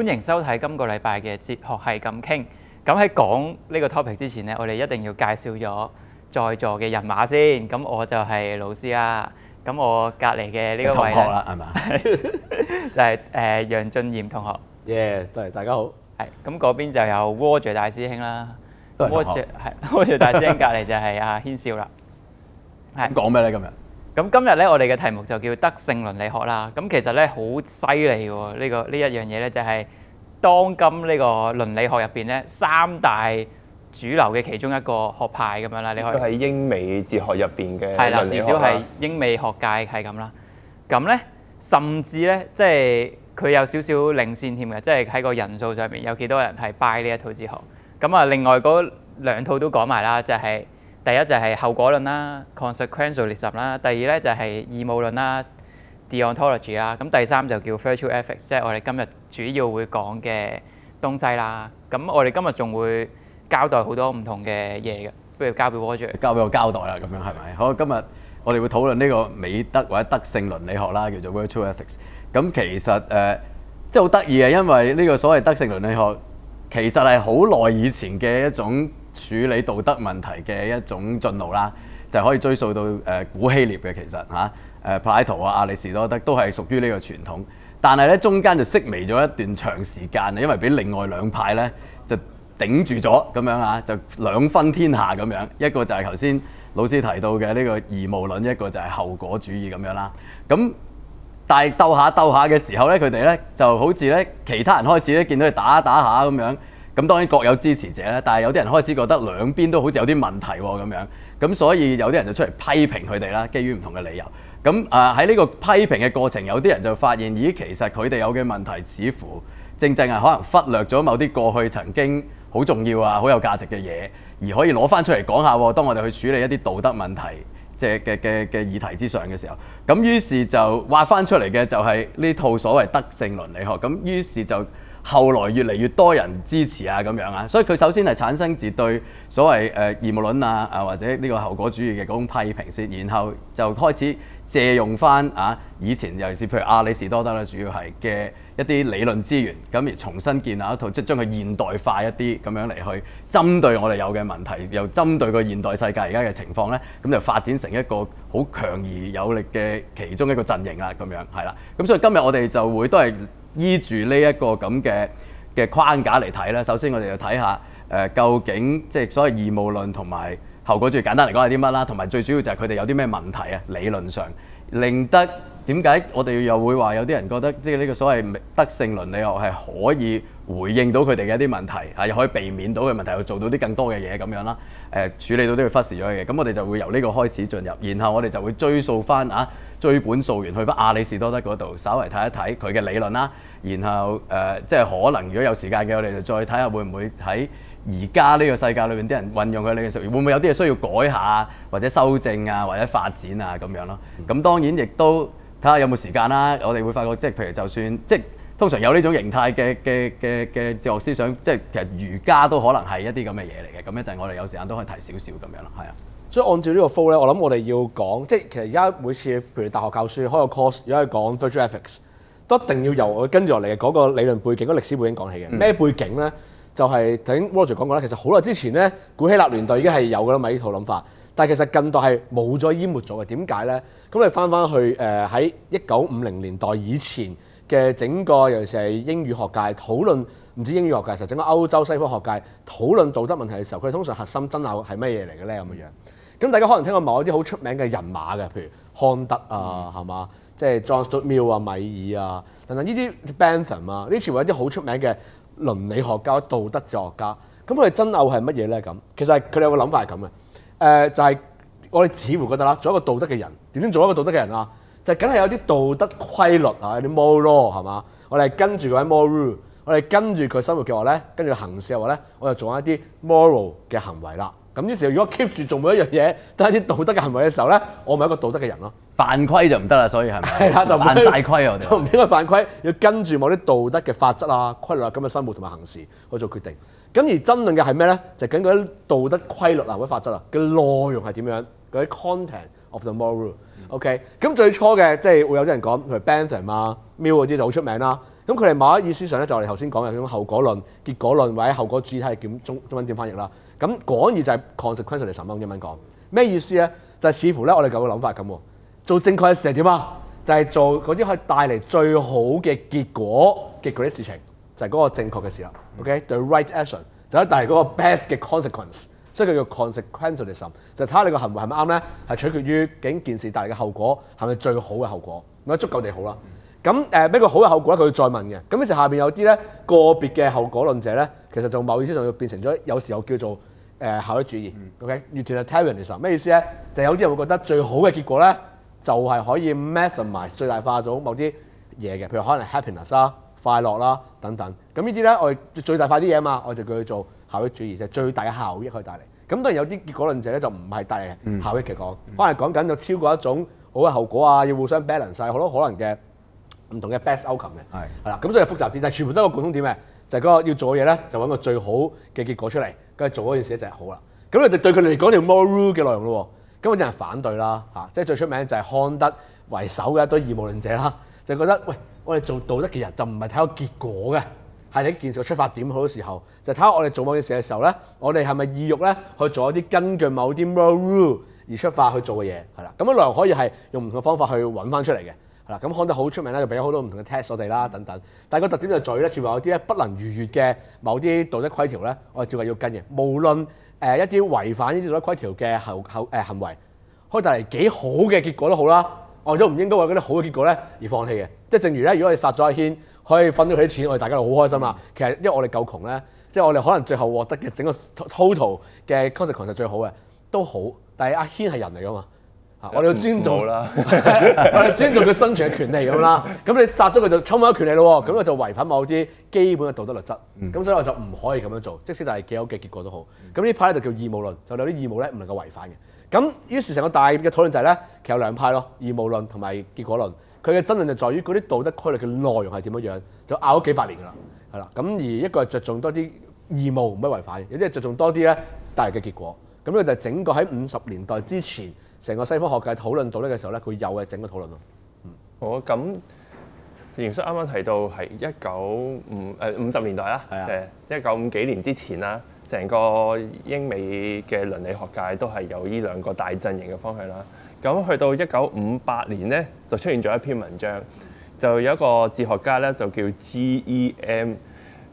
歡迎收睇今個禮拜嘅哲學係咁傾。咁喺講呢個 topic 之前咧，我哋一定要介紹咗在座嘅人馬先。咁我就係老師啦。咁我隔離嘅呢個位同學啦，係嘛？就係誒楊俊賢同學。Yeah，都係大家好。係。咁嗰邊就有 Wordy 大師兄啦。Wordy 係 Wordy 大師兄隔離就係阿軒少啦。係。講咩咧今日？咁今日咧，我哋嘅題目就叫德性倫理學啦。咁其實咧，好犀利喎！呢個呢一樣嘢咧，就係當今呢個倫理學入邊咧，三大主流嘅其中一個學派咁樣啦。你可以喺英美哲學入邊嘅倫理學啊？係啦，至少係英美學界係咁啦。咁咧，甚至咧，即係佢有少少領先添嘅，即係喺個人數上面有幾多人係 buy 呢一套哲學？咁啊，另外嗰兩套都講埋啦，就係。第一就係後果論啦，consequentialism 啦；第二咧就係義務論啦，deontology 啦；咁第三就叫 virtue ethics，即係我哋今日主要會講嘅東西啦。咁我哋今日仲會交代好多唔同嘅嘢嘅，不如交俾 Roger。交俾我交代啦，咁樣係咪？好，今日我哋會討論呢個美德或者德性倫理學啦，叫做 virtue ethics。咁其實誒，即係好得意呀，因為呢個所謂德性倫理學其實係好耐以前嘅一種。處理道德問題嘅一種進路啦，就可以追溯到誒、呃、古希臘嘅其實嚇，誒柏拉圖啊、阿里士多德都係屬於呢個傳統。但係咧中間就式微咗一段長時間，因為俾另外兩派咧就頂住咗咁樣啊，就兩分天下咁樣。一個就係頭先老師提到嘅呢個義務論，一個就係後果主義咁樣啦。咁、啊、但係鬥下鬥下嘅時候咧，佢哋咧就好似咧其他人開始咧見到佢打打下咁樣。咁當然各有支持者啦，但係有啲人開始覺得兩邊都好似有啲問題喎咁樣，咁所以有啲人就出嚟批評佢哋啦，基於唔同嘅理由。咁啊喺呢個批評嘅過程，有啲人就發現，咦，其實佢哋有嘅問題似乎正正係可能忽略咗某啲過去曾經好重要啊、好有價值嘅嘢，而可以攞翻出嚟講下。當我哋去處理一啲道德問題即係嘅嘅嘅議題之上嘅時候，咁於是就挖翻出嚟嘅就係呢套所謂德性倫理學。咁於是就。後來越嚟越多人支持啊，咁樣啊，所以佢首先係產生自對所謂誒義務論啊，啊或者呢個後果主義嘅嗰種批評先，然後就開始借用返啊以前尤其是譬如阿里士多德啦，主要係嘅一啲理論資源，咁而重新建立一套，即係將佢現代化一啲，咁樣嚟去針對我哋有嘅問題，又針對個現代世界而家嘅情況呢。咁就發展成一個好強而有力嘅其中一個陣營啦，咁樣係啦，咁所以今日我哋就會都係。依住呢一個咁嘅嘅框架嚟睇咧，首先我哋要睇下、呃、究竟即係所謂義務論同埋後果最簡單嚟講係啲乜啦，同埋最主要就係佢哋有啲咩問題啊？理論上令得。點解我哋又會話有啲人覺得即係呢個所謂德性倫理學係可以回應到佢哋嘅一啲問題，係又可以避免到嘅問題，去做到啲更多嘅嘢咁樣啦。誒，處理到啲要忽視咗嘅，咁我哋就會由呢個開始進入，然後我哋就會追溯翻啊，追本溯源去翻阿里士多德嗰度，稍為睇一睇佢嘅理論啦。然後誒，即係可能如果有時間嘅，我哋就再睇下會唔會喺而家呢個世界裏面啲人運用佢嘅理論，會唔會有啲嘢需要改下，或者修正啊，或者發展啊咁樣咯。咁當然亦都。睇下有冇時間啦，我哋會發覺即係譬如就算即係通常有呢種形態嘅嘅嘅嘅哲學思想，即係其實儒家都可能係一啲咁嘅嘢嚟嘅，咁咧就係我哋有時間都可以提少少咁樣咯，係啊。所以按照呢個 flow 咧，我諗我哋要講即係其實而家每次譬如大學教書開個 course 如果係講 virtue ethics 都一定要由我跟住落嚟嗰個理論背景嗰、嗰個、歷史背景講起嘅咩、嗯、背景咧就係頭先 Roger 講過咧，其實好耐之前咧古希臘年代已經係有㗎啦咪呢套諗法。但係其實近代係冇咗淹沒咗嘅，點解咧？咁你哋翻翻去誒喺一九五零年代以前嘅整個，尤其是係英語學界討論唔知英語學界，其實整個歐洲西方學界討論道德問題嘅時候，佢哋通常核心爭拗係乜嘢嚟嘅咧？咁嘅樣咁，大家可能聽過某一啲好出名嘅人馬嘅，譬如康德啊，係、嗯、嘛？即係 John Stuart Mill 啊、米爾啊，等等呢啲 Bentham 啊，呢啲全部一啲好出名嘅倫理學家、道德哲學家。咁佢哋爭拗係乜嘢咧？咁其實佢哋有個諗法係咁嘅。誒、呃、就係、是、我哋似乎覺得啦，做一個道德嘅人，點樣做一個道德嘅人啊？就係梗係有啲道德規律啊，有啲 moral 係嘛？我哋跟住佢 moral，我哋跟住佢生活嘅話咧，跟住行事嘅話咧，我就做一啲 moral 嘅行為啦。咁於是如果 keep 住做每一樣嘢都係啲道德嘅行為嘅時候咧，我咪一個道德嘅人咯。犯規就唔得啦，所以係咪？係啦，就犯曬規啊！就唔應該犯規， 要跟住某啲道德嘅法則啊、規律啊咁嘅生活同埋行事去做決定。咁而爭論嘅係咩咧？就係、是、關道德規律啊、嗰啲法則啊嘅內容係點樣？嗰啲 content of the moral。OK。咁最初嘅即係會有啲人講，譬如 b a n t h a m 啊、m i l 嗰啲就好出名啦。咁佢哋某一意思上咧，就係頭先講嘅咁後果論、結果論或者後果主義，係點中中文點翻譯啦？咁講義就係 c o n s e q u e n t i a l l y m 用英文講咩意思咧？就係、是、似乎咧，我哋舊嘅諗法咁喎。做正確嘅事係點啊？就係、是、做嗰啲可以帶嚟最好嘅結果嘅嗰啲事情。就係、是、嗰個正確嘅事候 OK，對 right action 就係帶嚟嗰個 best 嘅 consequence，所以佢叫 consequentialism，就睇下你個行為係咪啱咧，係取決於整件事帶嚟嘅後果係咪最好嘅後果，咪足夠地好啦。咁誒，咩、呃、叫好嘅後果咧？佢會再問嘅。咁於是下邊有啲咧個別嘅後果論者咧，其實就某意思就變成咗有時候叫做誒、呃、效益主義、嗯、，OK？越斷係 utilitarianism，咩意思咧？就是、有啲人會覺得最好嘅結果咧，就係、是、可以 maximize 最大化咗某啲嘢嘅，譬如可能 happiness 啊。快樂啦，等等。咁呢啲咧，我最大化啲嘢啊嘛，我就叫佢做效益主義，就係、最大嘅效益可以帶嚟。咁當然有啲結果論者咧，就唔係帶嚟效益嘅講、嗯，可能講緊就超過一種好嘅後果啊、嗯，要互相 balance 曬好多可能嘅唔同嘅 best outcome 嘅、嗯。係。係啦，咁所以複雜啲，但係全部都個共通點嘅，就係嗰個要做嘅嘢咧，就揾個最好嘅結果出嚟，跟住做嗰件事就係好啦。咁就對佢嚟講就 more rule 嘅內容咯。咁有啲人反對啦，嚇，即係最出名就係康德為首嘅一堆義務論者啦，就覺得喂。我哋做道德嘅人就唔係睇個結果嘅，係睇件事嘅出發點好多時候，就睇下我哋做某件事嘅時候咧，我哋係咪意欲咧去做一啲根據某啲 value 而出發去做嘅嘢係啦，咁樣內可以係用唔同嘅方法去揾翻出嚟嘅，係啦，咁講得好出名咧，就俾咗好多唔同嘅 test 我哋啦等等，但係個特點就係在咧，似乎有啲咧不能逾越嘅某啲道德規條咧，我哋照係要跟嘅，無論誒一啲違反呢啲道德規條嘅後後誒行為，可以帶嚟幾好嘅結果都好啦。我都唔應該為嗰啲好嘅結果咧而放棄嘅，即係正如咧，如果你殺咗阿軒，可以分到佢啲錢，我哋大家就好開心啦。其實因為我哋夠窮咧，即、就、係、是、我哋可能最後獲得嘅整個 total 嘅 c o n s e p t 群就最好嘅，都好。但係阿軒係人嚟噶嘛？啊，我哋尊重啦， 我哋尊重佢生存嘅權利咁啦。咁你殺咗佢就侵犯咗權利咯。咁我就違反某啲基本嘅道德律則。咁、嗯、所以我就唔可以咁樣做，即使係幾好嘅結果都好。咁呢派 a 咧就叫義務論，就有啲義務咧唔能夠違反嘅。咁於是成個大嘅討論就係咧，其實有兩派咯，義務論同埋結果論，佢嘅爭論就在於嗰啲道德規律嘅內容係點樣樣，就拗咗幾百年啦，係啦。咁而一個係着重多啲義務唔可以違反嘅；有啲係着重多啲咧大嘅結果。咁咧就係整個喺五十年代之前，成個西方學界討論到呢個時候咧，佢又係整個討論咯。嗯，好。咁賢叔啱啱提到係一九五誒五十年代啦，誒一九五幾年之前啦。成個英美嘅倫理學界都係有呢兩個大陣營嘅方向啦。咁去到一九五八年咧，就出現咗一篇文章，就有一個哲學家咧，就叫 G.E.M.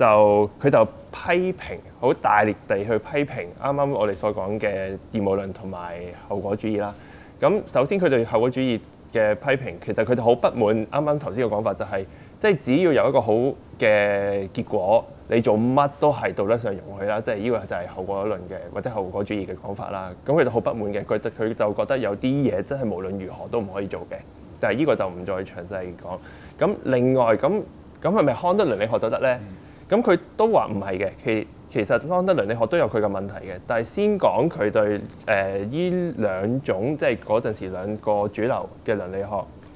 就佢就批評，好大力地去批評啱啱我哋所講嘅義務論同埋後果主義啦。咁首先佢對後果主義嘅批評，其實佢就好不滿，啱啱頭先嘅講法就係，即係只要有一個好嘅結果，你做乜都係道德上容許啦。即係呢個就係後果論嘅或者後果主義嘅講法啦。咁佢就好不滿嘅，佢佢就覺得有啲嘢真係無論如何都唔可以做嘅。但係呢個就唔再詳細講。咁另外咁咁係咪康德倫理學就得呢？咁佢都話唔係嘅，其其實康德倫理學都有佢嘅問題嘅。但係先講佢對誒呢、呃、兩種即係嗰陣時兩個主流嘅倫理學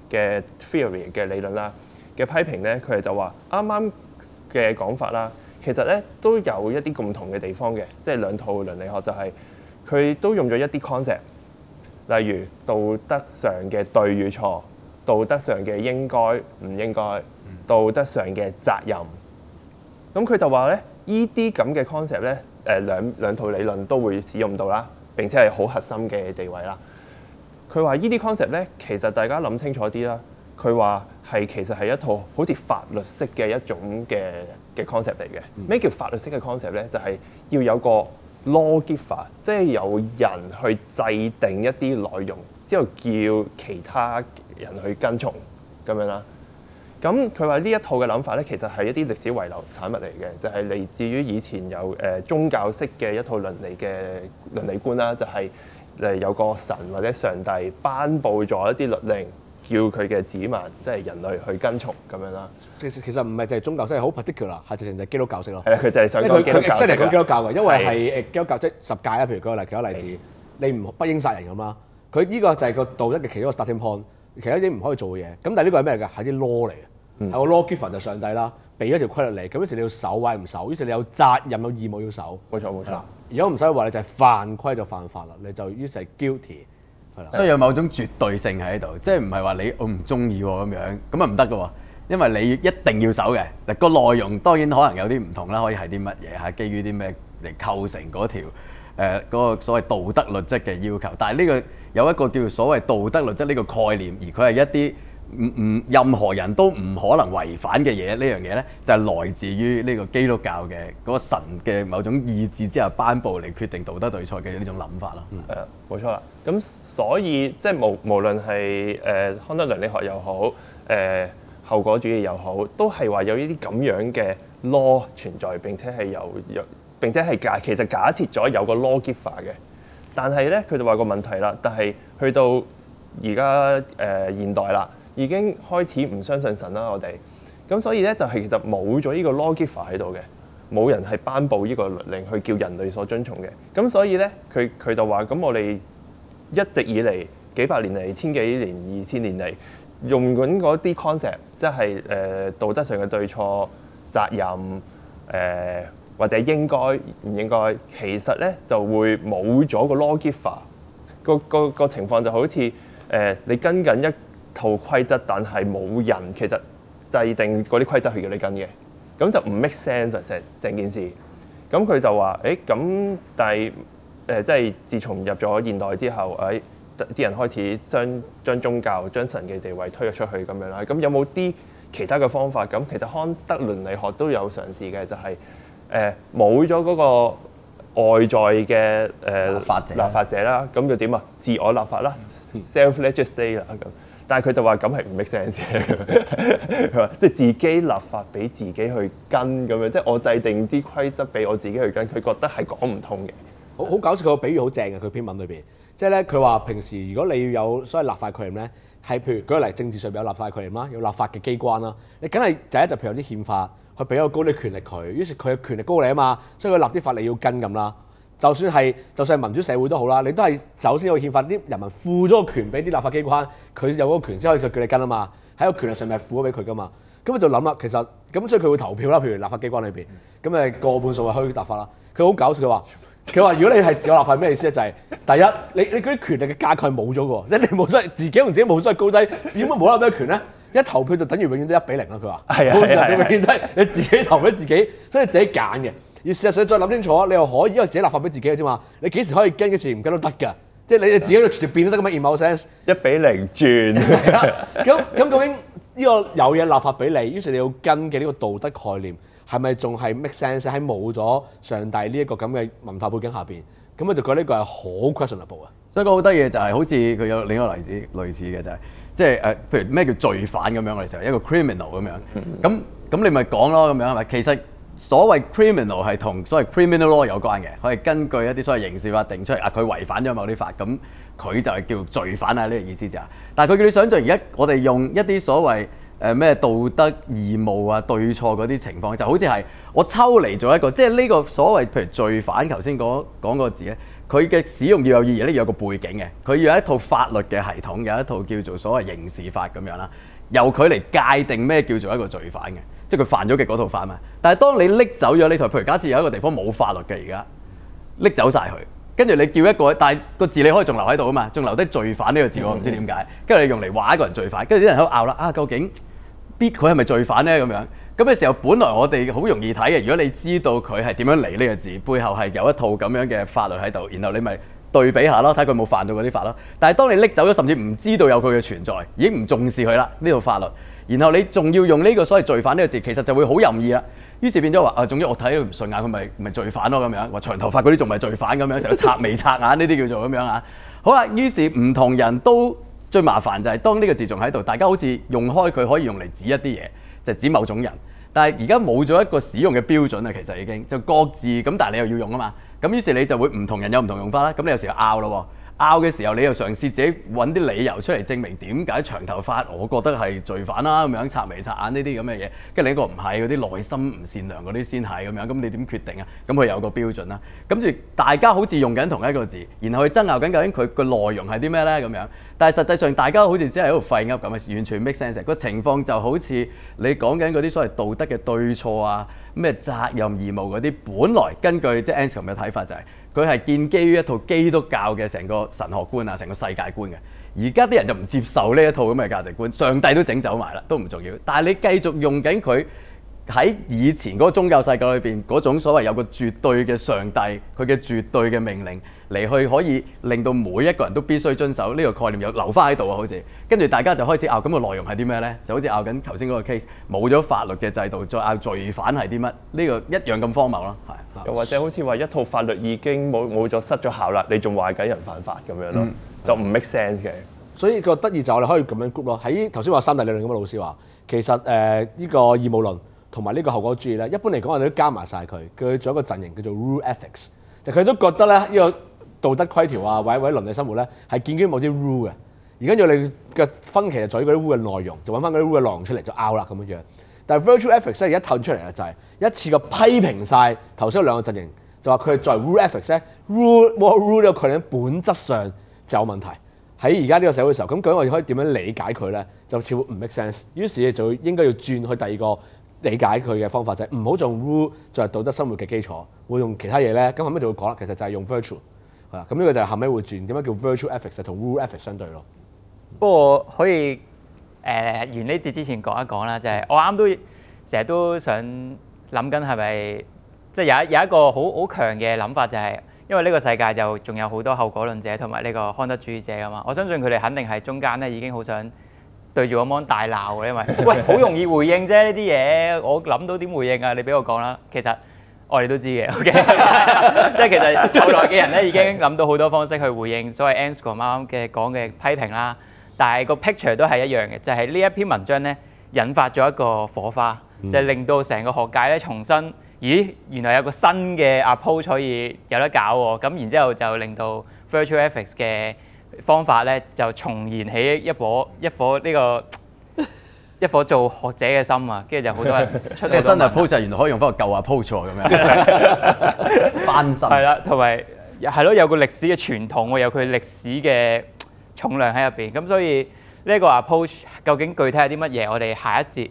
嘅 theory 嘅理論啦嘅批評咧，佢哋就話啱啱嘅講法啦，其實咧都有一啲共同嘅地方嘅，即係兩套倫理學就係佢都用咗一啲 concept，例如道德上嘅對與錯、道德上嘅應該唔應該、道德上嘅責任。咁佢就話咧，依啲咁嘅 concept 咧，誒兩兩套理論都會使用到啦，並且係好核心嘅地位啦。佢話依啲 concept 咧，其實大家諗清楚啲啦。佢話係其實係一套好似法律式嘅一種嘅嘅 concept 嚟嘅。咩、嗯、叫法律式嘅 concept 咧？就係、是、要有個 law giver 即係有人去制定一啲內容之後叫其他人去跟從咁樣啦。咁佢話呢一套嘅諗法咧，其實係一啲歷史遺留產物嚟嘅，就係、是、嚟自於以前有誒宗教式嘅一套倫理嘅倫理觀啦，就係、是、誒有個神或者上帝頒布咗一啲律令，叫佢嘅子民即係人類去跟從咁樣啦。其實唔係就係宗教式，好 particular 啊，係直情就係基督教式咯。係啊，佢就係想講基，基，基督教。即係佢基督教嘅，因為係誒基督教即十戒啊。譬如舉個例，其他例子，你唔不應殺人咁嘛？佢呢個就係個道德嘅其中一個 starting point，其他啲唔可以做嘅嘢。咁但係呢個係咩㗎？係啲 law 嚟嘅。係個 lawgiver 就上帝啦，俾一條規律你，咁於是你要守，位唔守，於是你有責任有義務要守。冇錯冇錯，如果唔使話，你就係犯規就犯法啦，你就於是係 guilty 係啦。所以有某種絕對性喺度，即係唔係話你我唔中意咁樣，咁啊唔得嘅，因為你一定要守嘅。嗱，個內容當然可能有啲唔同啦，可以係啲乜嘢，係基於啲咩嚟構成嗰條誒嗰個所謂道德律則嘅要求。但係呢個有一個叫做所謂道德律則呢個概念，而佢係一啲。唔唔，任何人都唔可能違反嘅嘢，這個、東西呢樣嘢咧就係、是、來自於呢個基督教嘅嗰個神嘅某種意志之下，頒布嚟決定道德對錯嘅呢種諗法啦。係啊，冇錯啦。咁所以即係無無論係誒、呃、康德倫理學又好，誒、呃、後果主義又好，都係話有呢啲咁樣嘅 law 存在，並且係有有並且係假其實假設咗有個 lawgiver 嘅。但係咧，佢就話個問題啦。但係去到而家誒現代啦。已經開始唔相信神啦，我哋咁，所以咧就係、是、其實冇咗呢個 lawgiver 喺度嘅，冇人係頒布呢個律令去叫人類所遵從嘅。咁所以咧，佢佢就話：，咁我哋一直以嚟幾百年嚟、千幾年、二千年嚟用緊嗰啲 concept，即係誒、呃、道德上嘅對錯、責任誒、呃、或者應該唔應該，其實咧就會冇咗個 lawgiver，個個個情況就好似誒、呃、你跟緊一套規則，但係冇人其實制定嗰啲規則去要你跟嘅，咁就唔 make sense 啊！成成件事，咁佢就話：，誒、欸，咁但係誒、呃，即係自從入咗現代之後，誒、欸，啲人開始將將宗教、將神嘅地位推咗出去咁樣啦。咁有冇啲其他嘅方法？咁其實康德倫理學都有嘗試嘅，就係誒冇咗嗰個外在嘅誒、呃、立法者、立法者啦，咁就點啊？自我立法啦，self legislation 啦。 但係佢就話咁係唔 make sense 嘅，佢話即係自己立法俾自己去跟咁樣，即係我制定啲規則俾我自己去跟，佢覺得係講唔通嘅。好好搞笑，佢個比喻好正嘅，佢篇文裏邊，即係咧佢話平時如果你要有所謂立法權咧，係譬如舉個例，政治上邊有立法權啦，有立法嘅機關啦，你梗係第一就譬如有啲憲法，佢俾我高啲權力佢，於是佢嘅權力高你啊嘛，所以佢立啲法你要跟咁啦。就算係就算係民主社會都好啦，你都係首先要憲法啲人民賦咗個權俾啲立法機關，佢有嗰個權先可以再叫你跟啊嘛。喺個權力上面咪賦咗俾佢噶嘛。咁咪就諗啦，其實咁所以佢會投票啦。譬如立法機關裏邊，咁誒過半數係可以立法啦。佢好搞笑，佢話佢話如果你係自我立法，咩意思咧？就係、是、第一，你你嗰啲權力嘅架構冇咗嘅，即你冇得自己同自己冇得高低，點解冇得咩權咧？一投票就等於永遠都一比零啦。佢話係啊係啊，是是是是是是是是你永遠都係你自己投俾自己，所以自己揀嘅。要事實上再諗清楚，你又可以，因為自己立法俾自己嘅啫嘛。你幾時可以跟，幾時唔跟都得㗎。即係你自己喺度直接變都得咁樣，而冇 sense。一比零轉。咁咁究竟呢個有嘢立法俾你，於是你要跟嘅呢個道德概念係咪仲係 make sense 喺冇咗上帝呢一個咁嘅文化背景下邊？咁我就覺得呢個係好 questionable 啊。所以講、就是、好得意嘅就係好似佢有另一個例子，類似嘅就係即係誒，譬如咩叫罪犯咁樣，我哋成日一個 criminal 咁樣。咁咁你咪講咯，咁樣係咪？其實所謂 criminal 係同所謂 criminal law 有關嘅，佢係根據一啲所謂刑事法定出嚟，啊佢違反咗某啲法，咁佢就係叫罪犯啊，呢個意思啫。但係佢叫你想象，而家我哋用一啲所謂誒咩、呃、道德義務啊對錯嗰啲情況，就好似係我抽離咗一個，即係呢個所謂譬如罪犯，頭先講講個字咧，佢嘅使用要有意義咧，要有個背景嘅，佢要有一套法律嘅系統，有一套叫做所謂刑事法咁樣啦，由佢嚟界定咩叫做一個罪犯嘅。即係佢犯咗嘅嗰套法嘛，但係當你拎走咗呢套，譬如假設有一個地方冇法律嘅而家，拎走晒佢，跟住你叫一個，但係個字你可以仲留喺度啊嘛，仲留低罪犯呢個字，我唔知點解，跟住你用嚟話一個人罪犯，跟住啲人喺度拗啦啊，究竟啲佢係咪罪犯咧咁樣？咁嘅時候，本來我哋好容易睇嘅，如果你知道佢係點樣嚟呢個字，背後係有一套咁樣嘅法律喺度，然後你咪對比下咯，睇佢冇犯到嗰啲法咯。但係當你拎走咗，甚至唔知道有佢嘅存在，已經唔重視佢啦，呢套法律。然後你仲要用呢個所謂罪犯呢個字，其實就會好任意啦。於是變咗話，啊，總之我睇佢唔順眼，佢咪咪罪犯咯咁樣。話長頭髮嗰啲仲咪罪犯咁樣，成日插眉擦眼呢啲叫做咁樣啊。好啦，於是唔同人都最麻煩就係當呢個字仲喺度，大家好似用開佢可以用嚟指一啲嘢，就指某種人。但係而家冇咗一個使用嘅標準啦，其實已經就各自咁，但係你又要用啊嘛。咁於是你就會唔同人有唔同用法啦。咁你有時候拗咯喎。拗嘅時候，你又嘗試自己揾啲理由出嚟證明點解長頭髮，我覺得係罪犯啦、啊，咁樣插眉插眼呢啲咁嘅嘢，跟住你個唔係嗰啲內心唔善良嗰啲先係咁樣，咁你點決定啊？咁佢有個標準啦。跟住大家好似用緊同一個字，然後去爭拗緊究竟佢個內容係啲咩咧咁樣呢。但係實際上大家好似只係喺度廢噏咁嘅完全 make sense。個情況就好似你講緊嗰啲所謂道德嘅對錯啊，咩嘅責任義務嗰啲，本來根據即係 Anscombe 嘅睇法就係、是。佢係建基於一套基督教嘅成個神學觀啊，成個世界觀嘅。而家啲人就唔接受呢一套咁嘅價值觀，上帝都整走埋啦，都唔重要。但係你繼續用緊佢喺以前嗰個宗教世界裏面嗰種所謂有個絕對嘅上帝，佢嘅絕對嘅命令。嚟去可以令到每一個人都必須遵守呢、這個概念，又留翻喺度啊！好似跟住大家就開始拗咁個內容係啲咩咧？就好似拗緊頭先嗰個 case，冇咗法律嘅制度再拗罪犯係啲乜？呢、這個一樣咁荒謬咯，係又或者好似話一套法律已經冇冇咗失咗效啦，你仲話緊人犯法咁樣咯、嗯，就唔 make sense 嘅。所以個得意就我哋可以咁樣 group 咯。喺頭先話三大理論咁嘅老師話其實誒呢個義務論同埋呢個後果主義咧，一般嚟講我哋都加埋晒佢。佢做一個陣營叫做 rule ethics，就佢都覺得咧、這、呢個。道德規條啊，或者或者倫理生活咧，係建基於某啲 rule 嘅。而跟住你嘅分歧就在於嗰啲 rule 嘅內容，就揾翻嗰啲 rule 嘅內容出嚟就拗啦咁樣樣。但係 virtue ethics 而家透出嚟，就係一次過批評晒頭先兩個陣營，就話佢哋在 rule ethics 咧 rule or rule 呢個概念本質上就有問題喺而家呢個社會嘅時候。咁究竟我哋可以點樣理解佢咧？就似乎唔 make sense。於是你就應該要轉去第二個理解佢嘅方法，就係唔好用 rule 作為道德生活嘅基礎，會用其他嘢咧。咁後屘就會講，其實就係用 virtue。咁呢個就係後尾會轉點解叫 virtue ethics 同 rule ethics 相對咯。不過可以誒、呃、完呢節之前講一講啦，就係、是、我啱都成日都想諗緊係咪，即、就、係、是、有有一個好好強嘅諗法、就是，就係因為呢個世界就仲有好多後果論者同埋呢個康德主義者啊嘛。我相信佢哋肯定係中間咧已經好想對住我 mon 大鬧嘅，因為喂，好容易回應啫呢啲嘢。我諗到點回應啊？你俾我講啦。其實。我哋都知嘅，OK，即 係 其實後來嘅人咧已經諗到好多方式去回應 的所謂 Anscombe 啱啱嘅講嘅批評啦。但係個 picture 都係一樣嘅，就係、係、呢一篇文章咧引發咗一個火花，嗯、就係、令到成個學界咧重新，咦，原來有個新嘅 approach 可以有得搞喎。咁然之後就令到 virtue ethics 嘅方法咧就重燃起一火。一顆呢、呢個。一顆做學者嘅心啊，跟住就好多人出 新嘅 approach，原來可以用舊 approach, 翻舊嘅 approach 咁樣翻新。係啦，同埋係咯，有個歷史嘅傳統喎，有佢歷史嘅重量喺入邊。咁所以呢個 approach 究竟具體係啲乜嘢？我哋下一節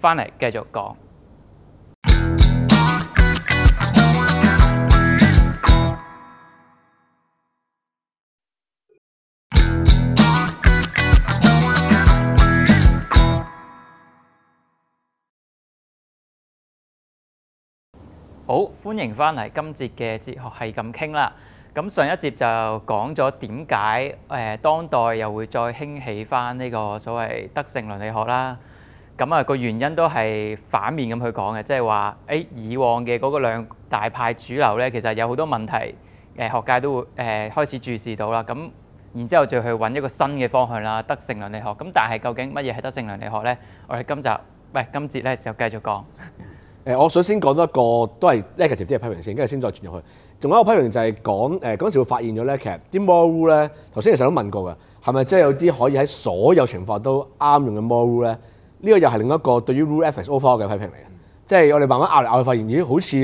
翻嚟繼續講。好，歡迎返嚟今節嘅哲學係咁傾啦。咁上一節就講咗點解誒當代又會再興起返呢個所謂德性倫理學啦。咁啊個原因都係反面咁去講嘅，即係話，我想先講多一個，都係 negative 啲嘅批評先，跟住先再轉入去。仲有一個批評就係講，誒嗰陣時會發現咗咧，其實啲 rule 咧，頭先其實都問過㗎，係咪真係有啲可以喺所有情況都啱用嘅 rule 咧？呢、呢個又係另一個對於 rule ethics over 嘅批評嚟嘅，即、嗯、係、就係、我哋慢慢拗嚟拗去，發現已經好似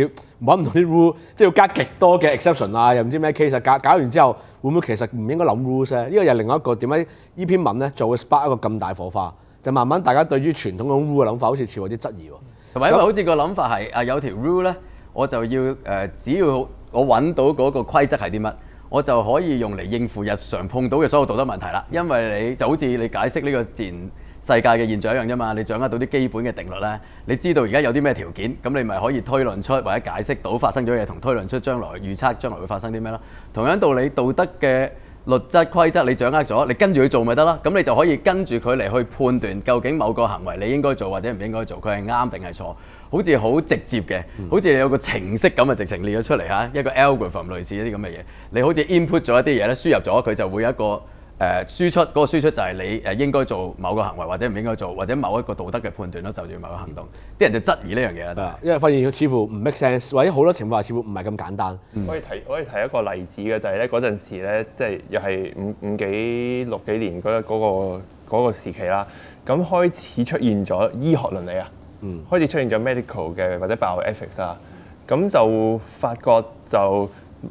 揾唔到啲 rule 即係要加極多嘅 exception 啊，又唔知咩 case 搞、啊、搞完之後，會唔會其實唔應該諗 rules 咧？呢、呢個又係另一個點解呢篇文咧做嘅 spark 一個咁大火花，就慢慢大家對於傳統嗰種 rule 嘅諗法，好似似有啲質疑喎。同埋，因為好似個諗法係啊，有條 rule 咧，我就要誒、呃，只要我揾到嗰個規則係啲乜，我就可以用嚟應付日常碰到嘅所有道德問題啦。因為你就好似你解釋呢個自然世界嘅現象一樣啫嘛，你掌握到啲基本嘅定律啦，你知道而家有啲咩條件，咁你咪可以推論出或者解釋到發生咗嘢，同推論出將來預測將來會發生啲咩咯。同樣道理，道德嘅律則規則你掌握咗，你跟住去做咪得咯。咁你就可以跟住佢嚟去判斷究竟某個行為你應該做或者唔應該做，佢係啱定係錯。好似好直接嘅，好似你有個程式咁啊，直情列咗出嚟一個 algorithm，類似一啲咁嘅嘢。你好似 input 咗一啲嘢咧，輸入咗佢就會有一個。誒、呃、輸出嗰、那個輸出就係你誒、呃、應該做某個行為或者唔應該做，或者某一個道德嘅判斷咯，就住某個行動，啲人就質疑呢樣嘢，因為發現佢似乎唔 make sense，或者好多情況下似乎唔係咁簡單。可以提可以提一個例子嘅就係咧，嗰陣時咧，即、就、係、是、又係五五幾六幾年嗰、那、嗰、個那個那個時期啦，咁開始出現咗醫學倫理啊、嗯，開始出現咗 medical 嘅或者 bioethics 啊，咁就發覺就。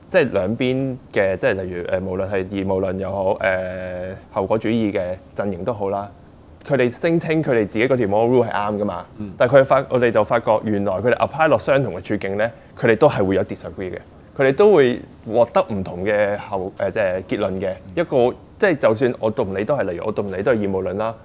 即係兩邊嘅，即係例如誒，無論係義務論又好，誒、呃、後果主義嘅陣營都好啦。佢哋聲稱佢哋自己嗰條某個 rule 係啱噶嘛，但係佢哋發我哋就發覺，原來佢哋 apply 落相同嘅處境咧，佢哋都係會有 disagree 嘅，佢哋都會獲得唔同嘅後誒、呃、即係結論嘅。一個即係就算我對唔理都係，例如我對唔理都係義務論啦，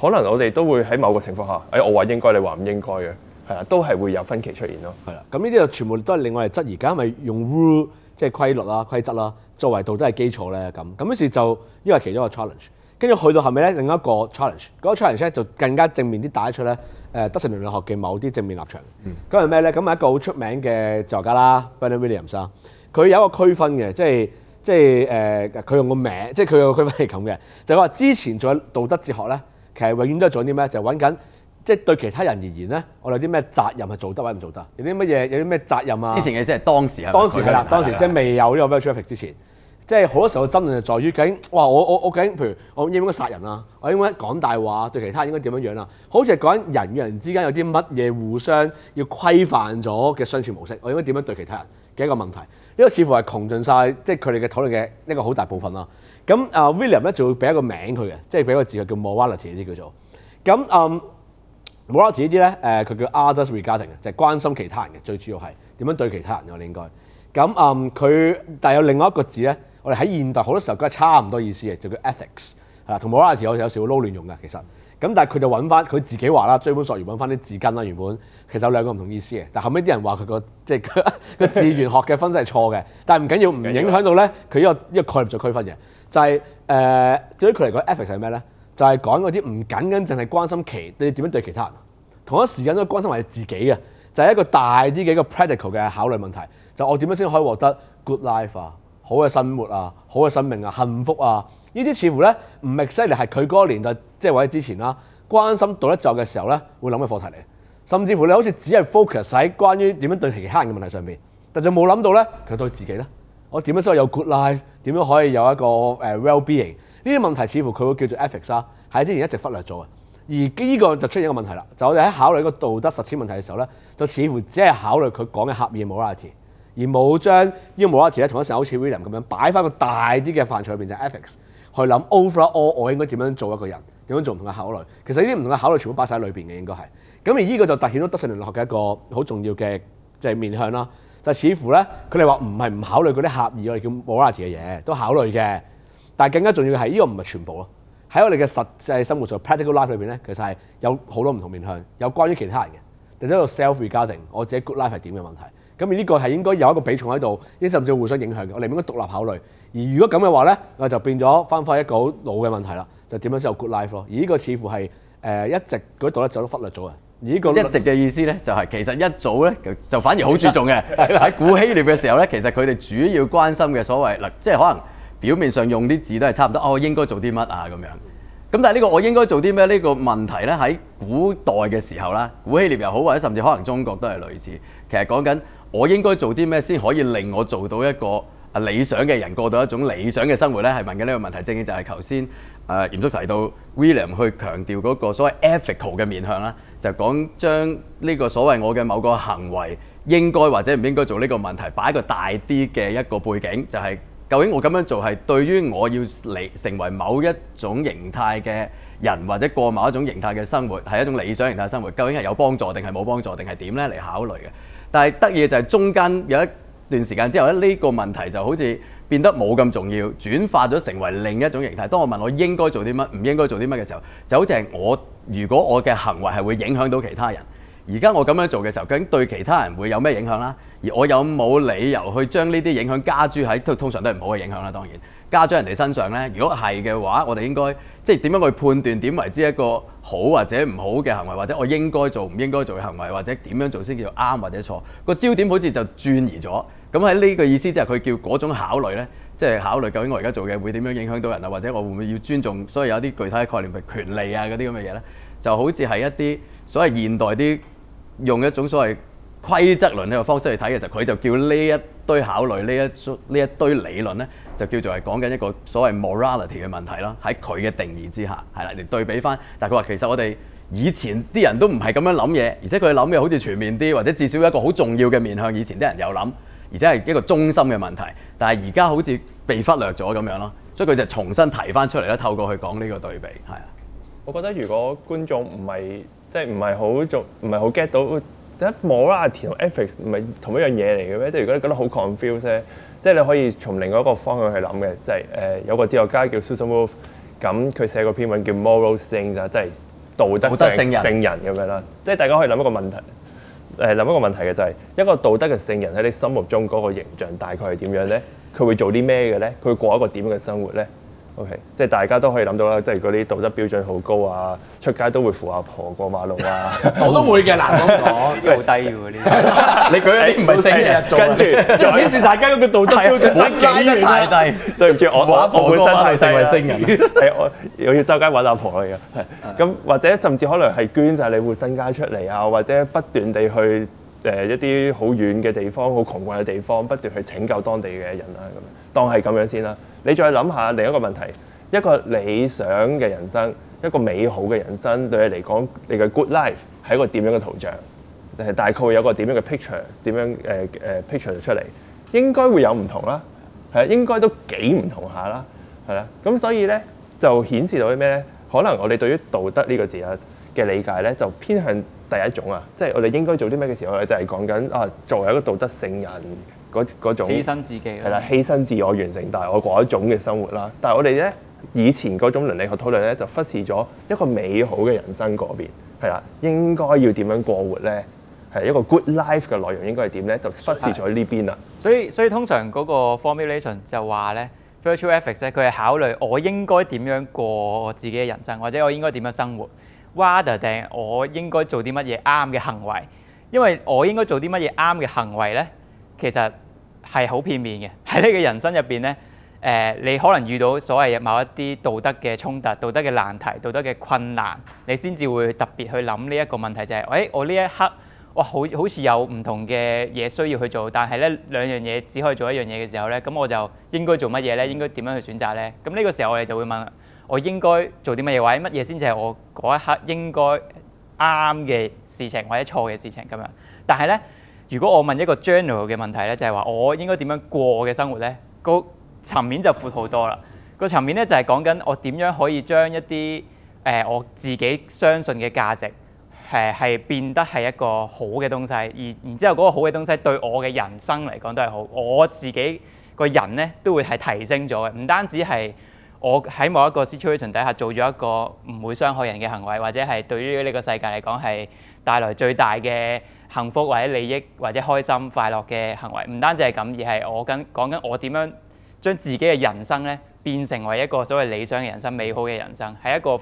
可能我哋都會喺某個情況下，誒、哎、我話應該，你話唔應該嘅。係啦，都係會有分歧出現咯。係啦，咁呢啲就全部都係令我哋質疑，家因為用 rule 即係規律啦、規則啦作為道德嘅基礎咧。咁咁於是就因為其中一個 challenge。跟住去到後尾咧，另一個 challenge，嗰、嗰個 challenge 咧就更加正面啲打出咧誒德性倫理學嘅某啲正面立場。嗯，咁係咩咧？咁係一個好出名嘅作家啦，Bernard Williams 生，佢有一個區分嘅，即係即係誒佢用個名，即係佢嘅區分係咁嘅，就係話之前做道德哲學咧，其實永遠都係做啲咩？就揾緊。即係對其他人而言咧，我哋有啲咩責任係做得或者唔做得？有啲乜嘢？有啲咩責任啊？之前嘅即係當時係當時係啦，當時，當時即係未有呢個 virtue ethics 之前，即係好多時候嘅爭論就係在於究竟哇，我我我究竟譬如我應唔應該殺人啊？我應該講大話對其他人應該點樣樣啊？好似係講緊人與人之間有啲乜嘢互相要規範咗嘅相處模式，我應該點樣對其他人嘅一個問題。呢個似乎係窮盡晒，即係佢哋嘅討論嘅一個好大部分咯。咁啊 William 咧就會俾一個名佢嘅，即係俾一個字佢叫 morality 嗰啲叫做。咁嗯。無啦啦字呢啲咧，佢叫 others' regarding 就係關心其他人嘅。最主要係點樣對其他人，我哋應該。咁、嗯、佢，但係有另外一個字咧，我哋喺現代好多時候都係差唔多意思嘅，就叫 ethics，係啦，同無啦啦字有時會撈亂用嘅，其實。咁但係佢就揾翻，佢自己話啦，追本索源揾翻啲字根啦，原本其實有兩個唔同意思嘅。但後尾啲人話佢個即係個字元學嘅分析係錯嘅， 但係唔緊要，唔影響到咧，佢呢個概念做區分嘅，就係、是、誒、呃、對佢嚟講 ethics 係咩咧？就係講嗰啲唔僅僅淨係關心其你點樣對其他人，同一時間都關心埋自己嘅，就係、是、一個大啲嘅一個 practical 嘅考慮問題。就是、我點樣先可以獲得 good life 啊，好嘅生活啊，好嘅生命啊，幸福啊？呢啲似乎咧唔 exactly，係佢嗰個年代，即係或者之前啦，關心道德就嘅時候咧，會諗嘅課題嚟。甚至乎你好似只係 focus 喺關於點樣對其他人嘅問題上邊，但就冇諗到咧，其實對自己咧，我點樣先可以有 good life？點樣可以有一個誒 well being？呢啲問題似乎佢會叫做 ethics 啦，喺之前一直忽略咗嘅。而呢個就出現一個問題啦，就我哋喺考慮個道德實踐問題嘅時候咧，就似乎只係考慮佢講嘅狹義嘅 morality，而冇將呢個 morality 咧，同一時好似 William 咁樣擺翻個大啲嘅範疇裏邊就係、ethics 去諗 overall 我應該點樣做一個人，點樣做唔同嘅考慮。其實呢啲唔同嘅考慮全部擺晒喺裏邊嘅應該係。咁而呢個就凸顯咗德性倫理學嘅一個好重要嘅就係面向啦。就是、似乎咧佢哋話唔係唔考慮嗰啲狹義我哋叫 morality 嘅嘢，都考慮嘅。但係更加重要係呢、這個唔係全部咯，喺我哋嘅實際生活中，practical life 裏邊咧，其實係有好多唔同的面向，有關於其他人嘅，或者喺 self-regarding 我自己 good life 係點嘅問題。咁而呢個係應該有一個比重喺度，呢甚至會互相影響嘅。我哋唔應該獨立考慮。而如果咁嘅話咧，我就變咗翻返一個好老嘅問題啦，就點樣先有 good life 咯？而呢個似乎係誒、呃、一直嗰度咧，就都忽略咗啊！而呢、這個一直嘅意思咧、就是，就係其實一早咧就反而好注重嘅喺 古希臘嘅時候咧， 其實佢哋主要關心嘅所謂嗱，即係可能。表面上用啲字都係差唔多，哦，我應該做啲乜啊咁樣。咁但係呢個我應該做啲咩呢個問題咧，喺古代嘅時候啦，古希臘又好，或者甚至可能中國都係類似。其實講緊我應該做啲咩先可以令我做到一個啊理想嘅人過到一種理想嘅生活咧，係問緊呢個問題，正正就係頭先誒嚴叔提到 William 去強調嗰個所謂 ethical 嘅面向啦，就講將呢個所謂我嘅某個行為應該或者唔應該做呢個問題，擺一個大啲嘅一個背景，就係。究竟我咁樣做係對於我要嚟成為某一種形態嘅人，或者過某一種形態嘅生活，係一種理想形態嘅生活，究竟係有幫助定係冇幫助定係點呢嚟考慮嘅？但係得意嘅就係中間有一段時間之後咧，呢個問題就好似變得冇咁重要，轉化咗成為另一種形態。當我問我應該做啲乜，唔應該做啲乜嘅時候，就好似係我如果我嘅行為係會影響到其他人，而家我咁樣做嘅時候，究竟對其他人會有咩影響啦？而我有冇理由去將呢啲影響加諸喺都通常都係唔好嘅影響啦？當然加諸人哋身上咧，如果係嘅話，我哋應該即係點樣去判斷點為之一個好或者唔好嘅行為，或者我應該做唔應該做嘅行為，或者點樣做先叫啱或者錯？個焦點好似就轉移咗。咁喺呢個意思即係佢叫嗰種考慮咧，即係考慮究竟我而家做嘅會點樣影響到人啊，或者我會唔會要尊重？所謂有啲具體嘅概念譬如權利啊嗰啲咁嘅嘢咧，就好似係一啲所謂現代啲用一種所謂。規則論呢個方式去睇嘅時候，佢就叫呢一堆考慮，呢一呢一堆理論呢，就叫做係講緊一個所謂 morality 嘅問題咯。喺佢嘅定義之下，係啦你對比翻。但係佢話其實我哋以前啲人都唔係咁樣諗嘢，而且佢諗嘢好似全面啲，或者至少一個好重要嘅面向。以前啲人有諗，而且係一個中心嘅問題。但係而家好似被忽略咗咁樣咯，所以佢就重新提翻出嚟啦，透過去講呢個對比。係啊，我覺得如果觀眾唔係即係唔係好做唔係好 get 到。即係 morality 同 ethics 唔係同一樣嘢嚟嘅咩？即係如果你覺得好 confuse 咧，即係你可以從另外一個方向去諗嘅，即係誒、呃、有個哲學家叫 Susan Wolf，咁佢寫個篇文叫 Moral Saint 就即係道德聖人咁樣啦。即係大家可以諗一個問題，誒，諗一個問題嘅就係、是、一個道德嘅聖人喺你心目中嗰個形象大概係點樣咧？佢會做啲咩嘅咧？佢會過一個點樣嘅生活咧？Okay, 即係大家都可以諗到啦，即係嗰啲道德標準好高啊，出街都會扶阿婆婆過馬路啊，我都會嘅，難講，呢啲好低㗎喎，呢啲。你舉啲唔係聖人，跟住就顯示大家嗰個道德標準真係太低，對唔住我，我本身太成為聖人，係、啊、我要周街揾阿婆㗎，係 咁， 或者甚至可能係捐曬你活身家出嚟啊，或者不斷地去誒、呃、一啲好遠嘅地方、好窮困嘅地方，不斷去拯救當地嘅人啦，咁當係咁樣先啦。你再諗下另一個問題，一個理想嘅人生，一個美好嘅人生對你嚟講，你嘅 good life 係一個點樣嘅圖像？係大概會有一個點樣嘅 picture？點樣誒誒、呃、picture 出嚟？應該會有唔同啦，係啊，應該都幾唔同下啦，係啦。咁所以咧就顯示到啲咩咧？可能我哋對於道德呢個字啊嘅理解咧，就偏向第一種啊，即係我哋應該做啲咩嘅時候，我哋就係講緊啊，作為一個道德聖人。嗰嗰種犧牲自己，係啦，犧牲自我完成，但係我嗰種嘅生活啦。但係我哋咧以前嗰種倫理學討論咧，就忽視咗一個美好嘅人生嗰邊係啦，應該要點樣過活咧？係一個 good life 嘅內容應該係點咧？就忽視咗呢邊啦。所以所以通常嗰個 formulation 就話咧，virtue ethics 咧，佢係考慮我應該點樣過我自己嘅人生，或者我應該點樣生活？rather than 我應該做啲乜嘢啱嘅行為？因為我應該做啲乜嘢啱嘅行為咧？其實係好片面嘅。喺你嘅人生入邊呢，誒，你可能遇到所謂嘅某一啲道德嘅衝突、道德嘅難題、道德嘅困難，你先至會特別去諗呢一個問題，就係，誒，我呢一刻，哇，好好似有唔同嘅嘢需要去做，但係呢，兩樣嘢只可以做一樣嘢嘅時候呢，咁我就應該做乜嘢呢？應該點樣去選擇呢？咁呢個時候我哋就會問：我應該做啲乜嘢？或者乜嘢先至係我嗰一刻應該啱嘅事情，或者錯嘅事情咁樣？但係呢。如果我問一個 general 嘅問題咧，就係、是、話我應該點樣過我嘅生活咧？個層面就闊好多啦。個層面咧就係講緊我點樣可以將一啲誒、呃、我自己相信嘅價值誒係、呃、變得係一個好嘅東西，而然之後嗰個好嘅東西對我嘅人生嚟講都係好，我自己個人咧都會係提升咗嘅。唔單止係我喺某一個 situation 底下做咗一個唔會傷害人嘅行為，或者係對於呢個世界嚟講係帶來最大嘅幸福或者利益或者開心快樂嘅行為，唔單止係咁，而係我跟講緊我點樣將自己嘅人生咧變成為一個所謂理想嘅人生、美好嘅人生，係一個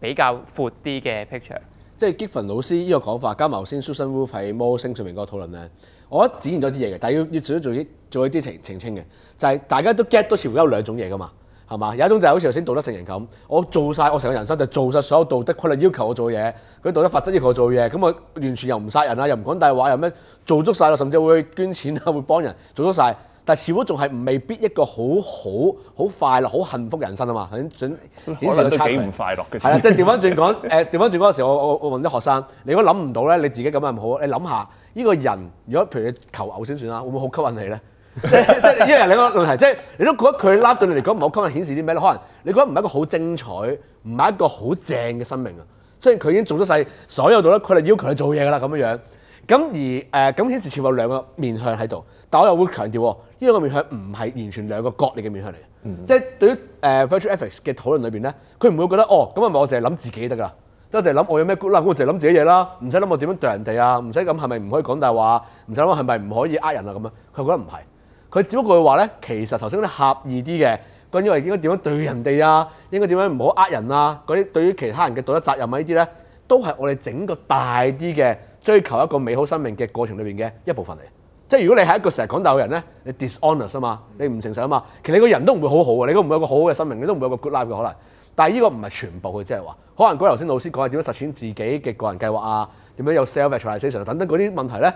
比較闊啲嘅 picture。即係 Giffen 老師呢個講法加埋先 Susan Wolf 喺 Moral Saint 上面嗰個討論咧，我一展現咗啲嘢嘅，但係要要做一做一做一啲澄清嘅，就係、是、大家都 get 到，似乎有兩種嘢噶嘛。係嘛？有一種就係好似頭先道德成人咁，我做晒我成個人生，就做晒所有道德規律要求我做嘢，佢道德法則要求我做嘢，咁我完全又唔殺人啦，又唔講大話，又咩做足晒啦，甚至會捐錢啦，會幫人做足晒。但係似乎仲係未必一個好好好快樂、好幸福人生啊嘛！顯顯顯示個差別。可能都幾唔快樂嘅。係啦，即係調翻轉講誒，調翻轉嗰陣時，我我我問啲學生：你如果諗唔到咧，你自己咁又唔好，你諗下呢個人如果譬如你求偶先算啦，會唔會好吸引你咧？即係即係呢個係兩個問題，即係你都覺得佢拉對你嚟講冇吸引力，顯示啲咩咧？可能你覺得唔係一個好精彩，唔係一個好正嘅生命啊。雖然佢已經做咗晒所有度咧，佢哋要求你做嘢噶啦咁樣樣。咁而誒咁顯示全部兩個面向喺度，但我又會強調，呢、這個面向唔係完全兩個角力嘅面向嚟嘅。即、嗯、係對於 virtue ethics 嘅討論裏邊咧，佢唔會覺得哦咁啊，咪我淨係諗自己得㗎，即係淨係諗我有咩 good 啦，我淨係諗自己嘢啦，唔使諗我點樣對人哋啊，唔使咁係咪唔可以講大話，唔使諗係咪唔可以呃人啊咁啊。佢覺得唔係。佢只不過佢話咧，其實頭先啲狹義啲嘅，關於我哋應該點樣對人哋啊，應該點樣唔好呃人啊，嗰啲對於其他人嘅道德責任啊呢啲咧，都係我哋整個大啲嘅追求一個美好生命嘅過程裏面嘅一部分嚟。即係如果你係一個成日講大嘅人咧，你 dishonest 啊嘛，你唔誠實啊嘛，其實你個人都唔會好好啊，你都唔會有個好好嘅生命，你都唔會有個 good life 嘅可能。但係呢個唔係全部，佢即係話，可能嗰頭先老師講點樣實踐自己嘅個人計劃啊，點樣有 self realisation 等等嗰啲問題咧。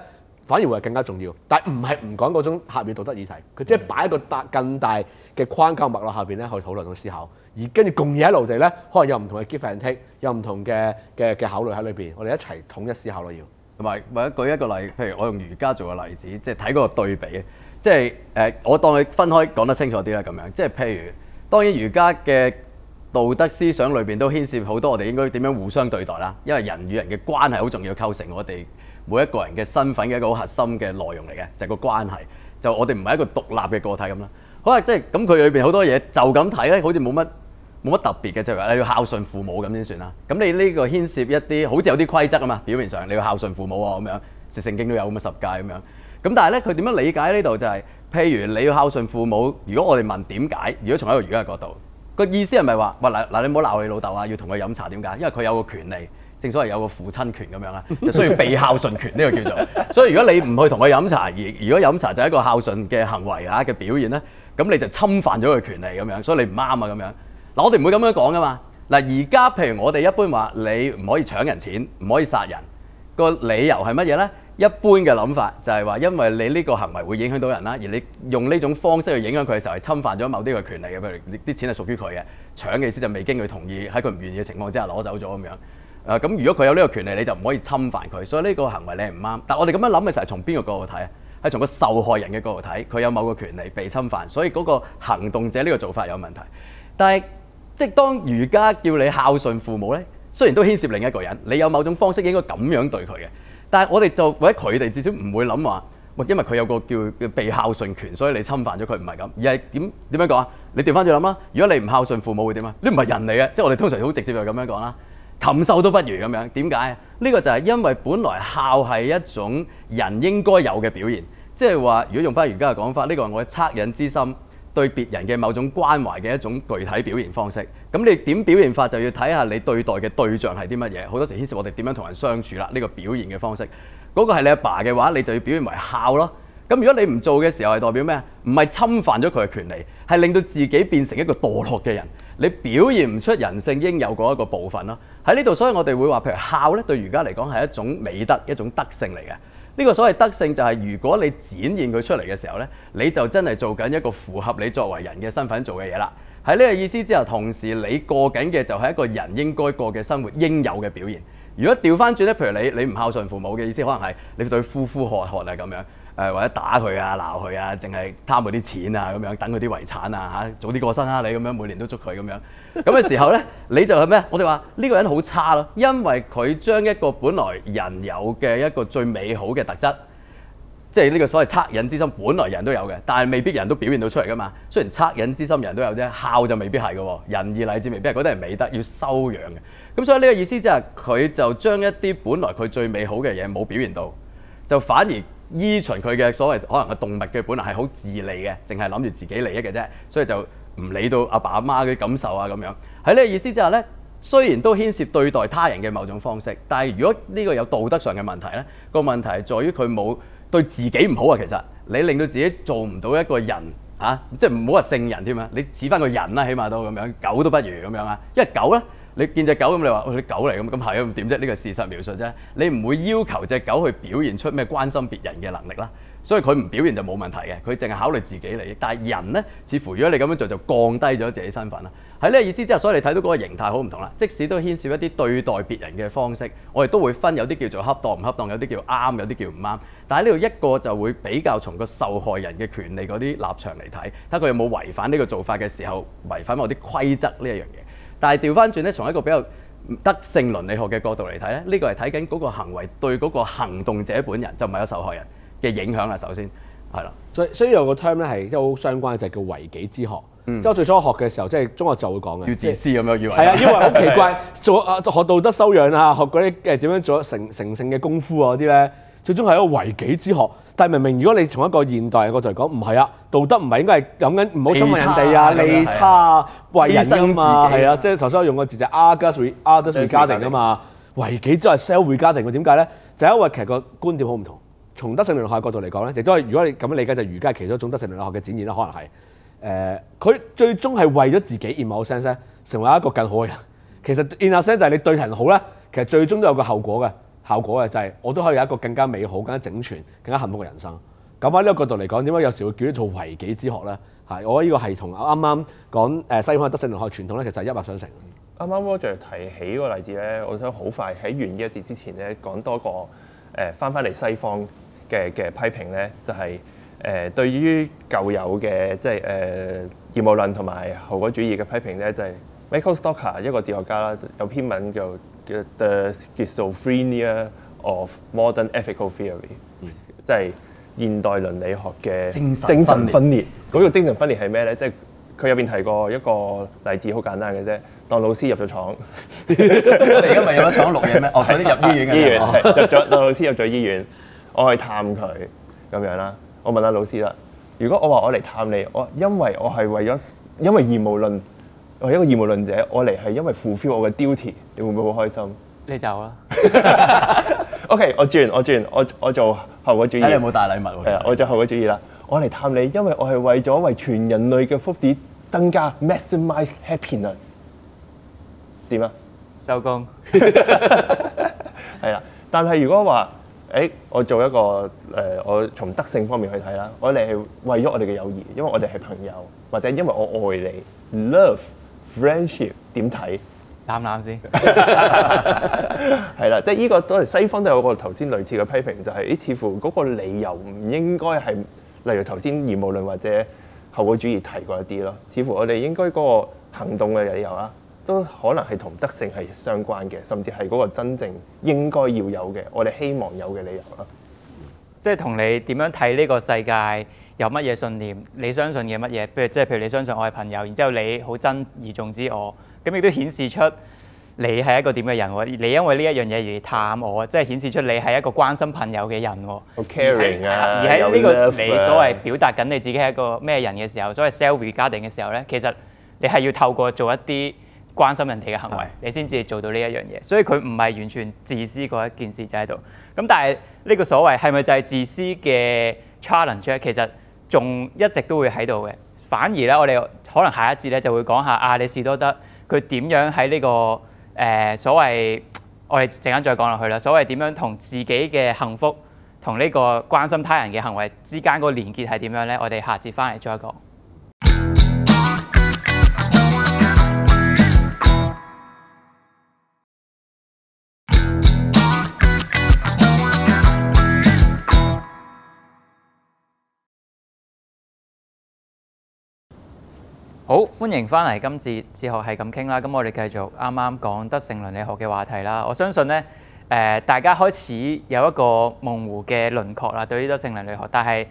反而會係更加重要，但係唔係唔講嗰種下邊道德議題，佢即係擺一個大更大嘅框架脈絡下邊咧去討論同思考，而跟住共嘢喺路地咧，可能有唔同嘅 give and take，有唔同嘅嘅嘅考慮喺裏邊，我哋一齊統一思考咯要同埋，或者舉一個例子，譬如我用儒家做個例子，即係睇嗰個對比，即係誒、呃，我當佢分開講得清楚啲啦，咁樣即係譬如，當然儒家嘅道德思想裏邊都牽涉好多我哋應該點樣互相對待啦，因為人與人嘅關係好重要，構成我哋。每一個人嘅身份嘅一個好核心嘅內容嚟嘅，就係個關係，就我哋唔係一個獨立嘅個體咁啦。好啊，即係咁佢裏邊好多嘢就咁睇咧，好似冇乜冇乜特別嘅啫、就係話。你要孝順父母咁先算啦。咁你呢個牽涉一啲好似有啲規則啊嘛。表面上你要孝順父母啊咁樣，聖經都有咁嘅十戒咁樣。咁但係咧，佢點樣理解呢度就係、是，譬如你要孝順父母，如果我哋問點解，如果從一個儒家角度，個意思係咪話，喂，嗱嗱你唔好鬧你老豆啊，要同佢飲茶點解？因為佢有個權利。正所謂有個父親權咁樣啊，就需要被孝順權呢個叫做。所以如果你唔去同佢飲茶，而如果飲茶就係一個孝順嘅行為啊嘅表現咧，咁你就侵犯咗佢權利咁樣，所以你唔啱啊咁樣。嗱，我哋唔會咁樣講噶嘛。嗱，而家譬如我哋一般話，你唔可以搶人錢，唔可以殺人。個理由係乜嘢咧？一般嘅諗法就係話，因為你呢個行為會影響到人啦，而你用呢種方式去影響佢嘅時候，係侵犯咗某啲嘅權利嘅。譬如啲錢係屬於佢嘅，搶嘅意思就未經佢同意，喺佢唔願意嘅情況之下攞走咗咁樣。誒、啊、咁，如果佢有呢個權利，你就唔可以侵犯佢，所以呢個行為你係唔啱。但我哋咁樣諗嘅時候，從邊個角度睇啊？係從個受害人嘅角度睇，佢有某個權利被侵犯，所以嗰個行動者呢個做法有問題。但係即係當儒家叫你孝順父母咧，雖然都牽涉另一個人，你有某種方式應該咁樣對佢嘅。但係我哋就或者佢哋，至少唔會諗話，因為佢有個叫叫被孝順權，所以你侵犯咗佢唔係咁，而係點點樣講啊？你調翻轉諗啦，如果你唔孝順父母會點啊？呢唔係人嚟嘅，即係我哋通常好直接就咁樣講啦。禽獸都不如咁樣，點解？呢個就係因為本來孝係一種人應該有嘅表現，即係話如果用翻而家嘅講法，呢個係我嘅惻隱之心對別人嘅某種關懷嘅一種具體表現方式。咁你點表現法就要睇下你對待嘅對象係啲乜嘢。好多時牽涉我哋點樣同人相處啦。呢個表現嘅方式，嗰個係你阿爸嘅話，你就要表現為孝咯。咁如果你唔做嘅時候，係代表咩？唔係侵犯咗佢嘅權利，係令到自己變成一個墮落嘅人。你表現唔出人性應有嗰一個部分咯。喺呢度，所以我哋會話，譬如孝咧，對儒家嚟講係一種美德，一種德性嚟嘅。呢個所謂德性就係，如果你展現佢出嚟嘅時候咧，你就真係做緊一個符合你作為人嘅身份做嘅嘢啦。喺呢個意思之後，同時你過緊嘅就係一個人應該過嘅生活，應有嘅表現。如果調翻轉咧，譬如你你唔孝順父母嘅意思，可能係你對呼呼喝喝係咁樣。誒或者打佢啊、鬧佢啊，淨係貪佢啲錢啊咁樣，等佢啲遺產啊嚇，早啲過身啦、啊、你咁樣，每年都捉佢咁樣咁嘅時候呢，你就係咩？我哋話呢個人好差咯，因為佢將一個本來人有嘅一個最美好嘅特質，即係呢個所謂惻隱之心，本來人都有嘅，但係未必人都表現到出嚟噶嘛。雖然惻隱之心人都有啫，孝就未必係嘅，仁義禮智未必係嗰啲係美德要修養嘅。咁所以呢個意思即係佢就將、是、一啲本來佢最美好嘅嘢冇表現到，就反而。依循佢嘅所謂可能嘅動物嘅本能係好自利嘅，淨係諗住自己利益嘅啫，所以就唔理到阿爸阿媽嘅感受啊咁樣。喺呢個意思之下呢，雖然都牽涉對待他人嘅某種方式，但係如果呢個有道德上嘅問題呢，個問題係在於佢冇對自己唔好啊。其實你令到自己做唔到一個人吓，啊，即係唔好話聖人添啊，你似翻個人啦，啊，起碼都咁樣，狗都不如咁樣啊，因為狗呢。你見隻狗咁，你話佢，喂，狗嚟咁，咁係咁點啫？呢個事實描述啫。你唔會要求隻狗去表現出咩關心別人嘅能力啦。所以佢唔表現就冇問題嘅。佢淨係考慮自己利益。但係人呢，似乎如果你咁樣做，就降低咗自己身份啦。喺呢個意思之下。即係所以你睇到嗰個形態好唔同啦。即使都牽涉一啲對待別人嘅方式，我哋都會分有啲叫做恰當唔恰當，有啲叫啱，有啲叫唔啱。但係呢度一個就會比較從個受害人嘅權利嗰啲立場嚟睇，睇佢有冇違反呢個做法嘅時候，違反某啲規則呢一樣嘢。但係調翻轉咧，從一個比較德性倫理學嘅角度嚟睇咧，呢個係睇緊嗰個行為對嗰個行動者本人就唔係有受害人嘅影響啦。首先係啦，所以所以有個 term 咧係好相關嘅，就係、係、叫為己之學。嗯、即係我最初我學嘅時候，即係中學就會講嘅。要自私咁樣要係啊，因為好奇怪 做學道德修養啊，學嗰啲誒點樣做成成性嘅功夫啊嗰啲咧。最終係一個為己之學，但係明明如果你從一個現代嘅角度嚟講，唔係啊，道德唔係應該係諗緊唔好侵害人哋啊，利他啊，為人啊嘛，係啊，即係頭先我用個字就阿加樹，阿加樹家庭啊嘛，為己真係 selfie 家庭，佢點解咧？就係、因為其實個觀點好唔同，從德性倫理學嘅角度嚟講咧，亦都係如果你咁樣理解，就儒、係、家係其中一種德性倫理學嘅展現啦，可能係誒，佢、呃、最終係為咗自己而某 sense 咧，成為一個更好嘅人。其實 in that sense 就係你對人好咧，其實最終都有個後果嘅。效果嘅就係，我都可以有一個更加美好、更加整全、更加幸福嘅人生。咁喺呢一個角度嚟講，點解有時候會叫呢做為己之學咧？嚇，我覺得呢個係同啱啱講誒西方嘅德性倫理學傳統咧，其實係一脈相承。啱啱 Roger 提起嗰個例子咧，我想好快喺完呢一節之前咧講多個誒翻翻嚟西方嘅嘅批評咧，就係、是、誒、呃、對於舊有嘅即係誒義務論同埋後果主義嘅批評咧，就係、是、Michael Stocker 一個哲學家啦，有篇文叫 The schizophrenia of modern ethical theory，即係、就是、現代倫理學嘅精神分裂。嗰、那個精神分裂係咩咧？即係佢入邊提過一個例子，好簡單嘅啫。當老師入咗廠， 我哋而家有咗廠錄嘢咩？我係啲入院的醫院嘅、哦。醫院入咗，當老師入咗醫院，我去探佢咁樣啦。我問下老師啦，如果我話我嚟探你，我因為我係為咗，因為義務論。我係一個義務論者，我嚟係因為 fulfill 我嘅 duty，你會唔會好開心？你走啦。OK，我轉，我轉，我我做後果主義。你有冇大禮物喎？係啊，我做後果主義啦。我嚟探你，因為我係為咗為全人類嘅福祉增加 maximise happiness。點 啊？收工。係啦， 但係如果話，誒、欸，我做一個誒、呃，我從德性方面去睇啦，我嚟係為咗我哋嘅友誼，因為我哋係朋友，或者因為我愛你，love。Friendship 點睇？啱唔啱先？係啦，即係呢個都係西方都有個頭先類似嘅批評，就係誒，似乎嗰個理由唔應該係，例如頭先義務論或者後果主義提過一啲咯。似乎我哋應該嗰個行動嘅理由啦，都可能係同德性係相關嘅，甚至係嗰個真正應該要有嘅，我哋希望有嘅理由啦。即係同你點樣睇呢個世界？有乜嘢信念？你相信嘅乜嘢？譬如即係譬如你相信我係朋友，然之後你好珍而重之我，咁亦都顯示出你係一個點嘅人喎？你因為呢一樣嘢而探我，即係顯示出你係一個關心朋友嘅人好 caring 啊！係而喺呢個你所謂表達緊你自己係一個咩人嘅時候，所謂 self-regarding 嘅時候呢，其實你係要透過做一啲關心人哋嘅行為，你先至做到呢一樣嘢。所以佢唔係完全自私嗰一件事就喺度。咁但係呢個所謂係咪就係自私嘅 challenge 咧？其實仲一直都會喺度嘅，反而咧，我哋可能下一節咧就會講下阿里、啊、士多德佢點樣喺呢、呢個誒、呃、所謂，我哋陣間再講落去啦。所謂點樣同自己嘅幸福同呢個關心他人嘅行為之間個連結係點樣咧？我哋下節翻嚟再講。好，歡迎翻嚟今次哲學係咁傾啦。咁我哋繼續啱啱講德性倫理學嘅話題啦。我相信呢，誒、呃、大家開始有一個模糊嘅輪廓啦，對於德性倫理學。但係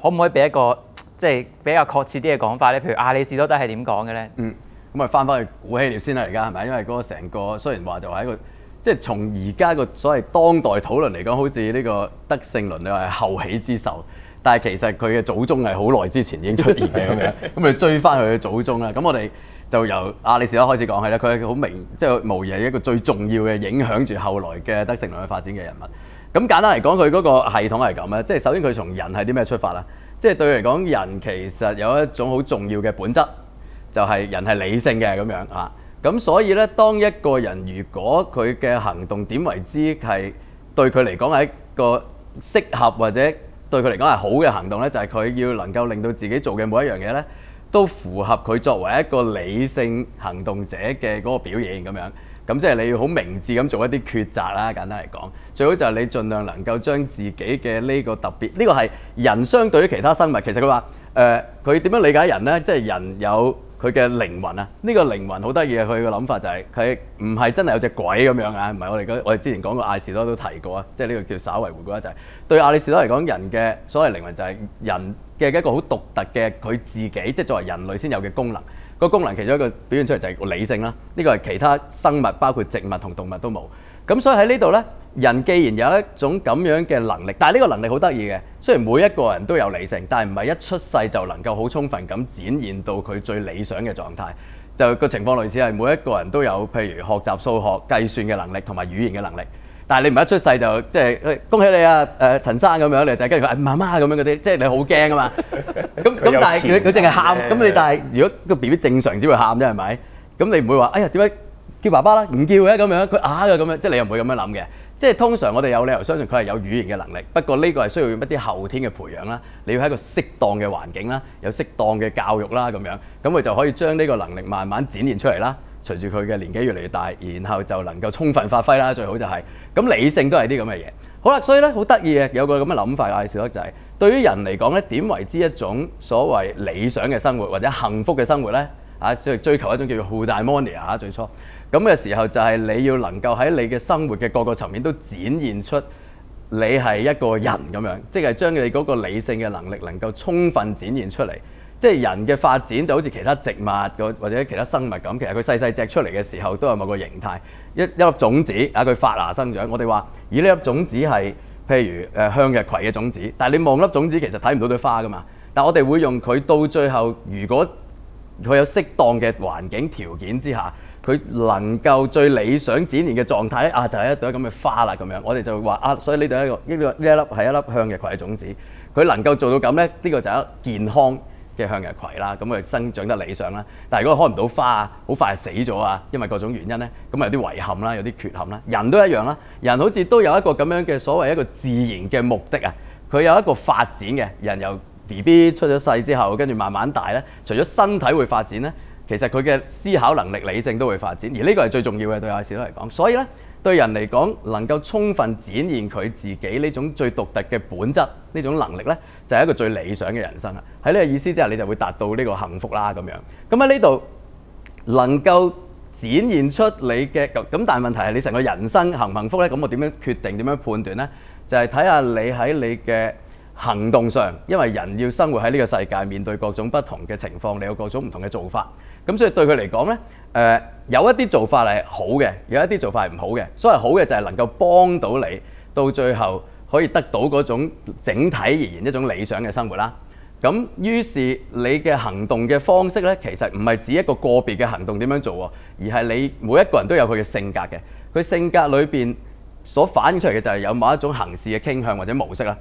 可唔可以俾一個即係比較確切啲嘅講法呢？譬如阿里士多德係點講嘅呢？嗯。咁啊，翻翻去古希臘先啦，而家係咪？因為嗰個成個雖然話就係一個，即係從而家個所謂當代討論嚟講，好似呢個德性倫理學係後起之秀。但係其實佢嘅祖宗係好耐之前已經出現嘅咁樣，咁 我哋追翻佢嘅祖宗啦。咁我哋就由阿里士多開始講起啦。佢係好明，即係無疑一個最重要嘅影響住後來嘅德性論嘅發展嘅人物。咁簡單嚟講，佢嗰個系統係咁啦。即係首先佢從人係啲咩出發啦？即係對嚟講，人其實有一種好重要嘅本質，就係人係理性嘅咁樣啊。咁所以呢，當一個人如果佢嘅行動點為之係對佢嚟講係一個適合或者？對佢嚟講係好嘅行動呢，就係佢要能夠令到自己做嘅每一樣嘢呢，都符合佢作為一個理性行動者嘅嗰個表現咁樣。咁即係你要好明智咁做一啲抉擇啦，簡單嚟講，最好就係你盡量能夠將自己嘅呢個特別，呢個係人相對於其他生物，其實佢話誒，佢點樣理解人呢？即係人有。佢嘅靈魂啊，呢個靈魂好得意啊！佢個諗法就係，佢唔係真係有隻鬼咁樣啊，唔係我哋我哋之前講過亞里士多都提過啊，即係呢個叫稍為回顧一陣。就係對亞里士多嚟講，人嘅所謂靈魂就係人嘅一個好獨特嘅佢自己，即係作為人類先有嘅功能。個功能其中一個表現出嚟就係個理性啦。呢個係其他生物，包括植物同動物都冇。咁所以喺呢度咧，人既然有一種咁樣嘅能力，但係呢個能力好得意嘅。雖然每一個人都有理性，但係唔係一出世就能夠好充分咁展現到佢最理想嘅狀態。就個情況類似係每一個人都有，譬如學習數學計算嘅能力同埋語言嘅能力，但係你唔係一出世就即係、就是欸、恭喜你啊！誒、呃，陳生咁樣你就跟住佢，媽媽咁樣嗰啲，即、就、係、是、你好驚啊嘛。咁 咁但係佢佢淨係喊，咁你但係如果個 B B 正常只會喊啫係咪？咁你唔會話哎呀點解？叫爸爸啦，唔叫嘅咁樣，佢啊咁樣，即係你又唔會咁樣諗嘅，即係通常我哋有理由相信佢係有語言嘅能力，不過呢個係需要用一啲後天嘅培養啦，你要喺一個適當嘅環境啦，有適當嘅教育啦咁樣，咁佢就可以將呢個能力慢慢展現出嚟啦。隨住佢嘅年紀越嚟越大，然後就能夠充分發揮啦，最好就係、是、咁。理性都係啲咁嘅嘢。好啦，所以咧好得意嘅有，有個咁嘅諗法啊，小德就係、是、對於人嚟講咧，點為之一種所謂理想嘅生活或者幸福嘅生活咧？啊，所以追求一種叫做 eudaimonia 吓，最初。咁嘅時候就係你要能夠喺你嘅生活嘅個個層面都展現出你係一個人咁樣，即係將你嗰個理性嘅能力能夠充分展現出嚟。即係人嘅發展就好似其他植物或者其他生物咁，其實佢細細隻出嚟嘅時候都有某個形態，一一粒種子啊，佢發芽生長。我哋話以呢粒種子係譬如誒向日葵嘅種子，但你望粒種子其實睇唔到朵花㗎嘛。但我哋會用佢到最後，如果佢有適當嘅環境條件之下。佢能夠最理想展現嘅狀態啊，就係一朵咁嘅花啦，咁樣我哋就會話啊，所以呢度一個呢呢一粒係一粒向日葵嘅種子，佢能夠做到咁咧，呢個就係一個健康嘅向日葵啦，咁佢生長得理想啦。但係如果開唔到花啊，好快死咗啊，因為各種原因咧，咁有啲遺憾啦，有啲缺陷啦，人都一樣啦，人好似都有一個咁樣嘅所謂一個自然嘅目的啊，佢有一個發展嘅，人由 B B 出咗世之後，跟住慢慢大咧，除咗身體會發展咧。其實佢嘅思考能力、理性都會發展，而呢個係最重要嘅對阿里士多德嚟講。所以咧，對人嚟講，能夠充分展現佢自己呢種最獨特嘅本質，呢種能力咧，就係一個最理想嘅人生啦。喺呢個意思之下，你就會達到呢個幸福啦咁樣。咁喺呢度能夠展現出你嘅咁，但係問題係你成個人生幸唔幸福咧？咁我點樣決定？點樣判斷咧？就係睇下你喺你嘅行動上，因為人要生活喺呢個世界，面對各種不同嘅情況，你有各種唔同嘅做法。咁所以對佢嚟講呢，誒有一啲做法係好嘅，有一啲做法係唔好嘅。所謂好嘅就係能夠幫到你，到最後可以得到嗰種整體而言一種理想嘅生活啦。咁於是你嘅行動嘅方式呢，其實唔係指一個個別嘅行動點樣做喎，而係你每一個人都有佢嘅性格嘅，佢性格裏邊所反映出嚟嘅就係有某一種行事嘅傾向或者模式啦。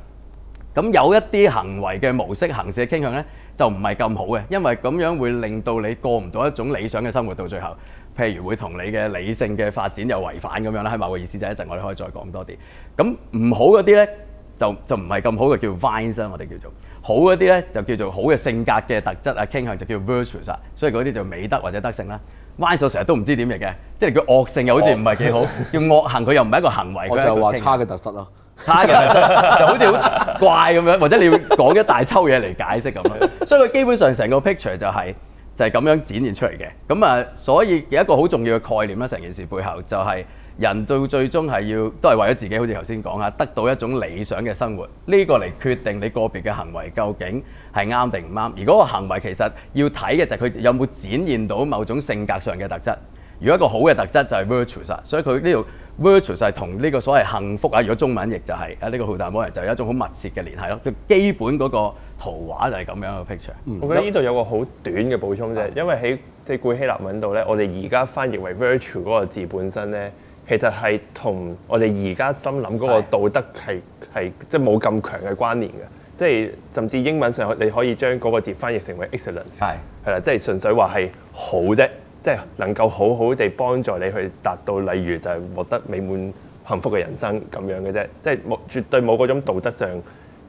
咁有一啲行為嘅模式、行事傾向咧，就唔係咁好嘅，因為咁樣會令到你過唔到一種理想嘅生活到最後。譬如會同你嘅理性嘅發展有違反咁樣啦，係咪啊？個意思就係一陣我哋可以再講多啲。咁唔好嗰啲咧，就就唔係咁好嘅，叫 vices 我哋叫做。好嗰啲咧，就叫做好嘅性格嘅特質啊傾向就叫 virtues 啊。所以嗰啲就美德或者德性啦。vices 成日都唔知點嘅，即係叫惡性又好似唔係幾好，oh。叫惡行佢又唔係一個行為。它我就話差嘅特質咯，差嘅特質就好似 怪咁樣，或者你要講一大抽嘢嚟解釋咁樣，所以佢基本上成個 picture 就係就係咁樣展現出嚟嘅。咁啊，所以有一個好重要嘅概念啦，成件事背後就係人到最終係要都係為咗自己，好似頭先講嚇，得到一種理想嘅生活，呢個嚟決定你個別嘅行為究竟係啱定唔啱。而個行為其實要睇嘅就係佢有冇展現到某種性格上嘅特質。如果一個好嘅特質就係 virtuous，所以佢呢度。Virtual 就係同呢個所謂幸福啊，如果中文譯就係、是、啊，呢、這個 eudaimonia 就有一種好密切嘅聯繫咯。佢基本嗰個圖畫就係咁樣嘅 picture。我覺得呢度有一個好短嘅補充啫，因為喺即係古希臘文度咧，我哋而家翻譯為 virtue 嗰個字本身咧，其實係同我哋而家心諗嗰個道德係係即係冇咁強嘅關聯嘅。即係甚至英文上你可以將嗰個字翻譯成為 excellence，係係啦，即係純粹話係好啫。即係能夠好好地幫助你去達到，例如就係獲得美滿幸福嘅人生咁樣嘅啫。即係冇絕對冇嗰種道德上，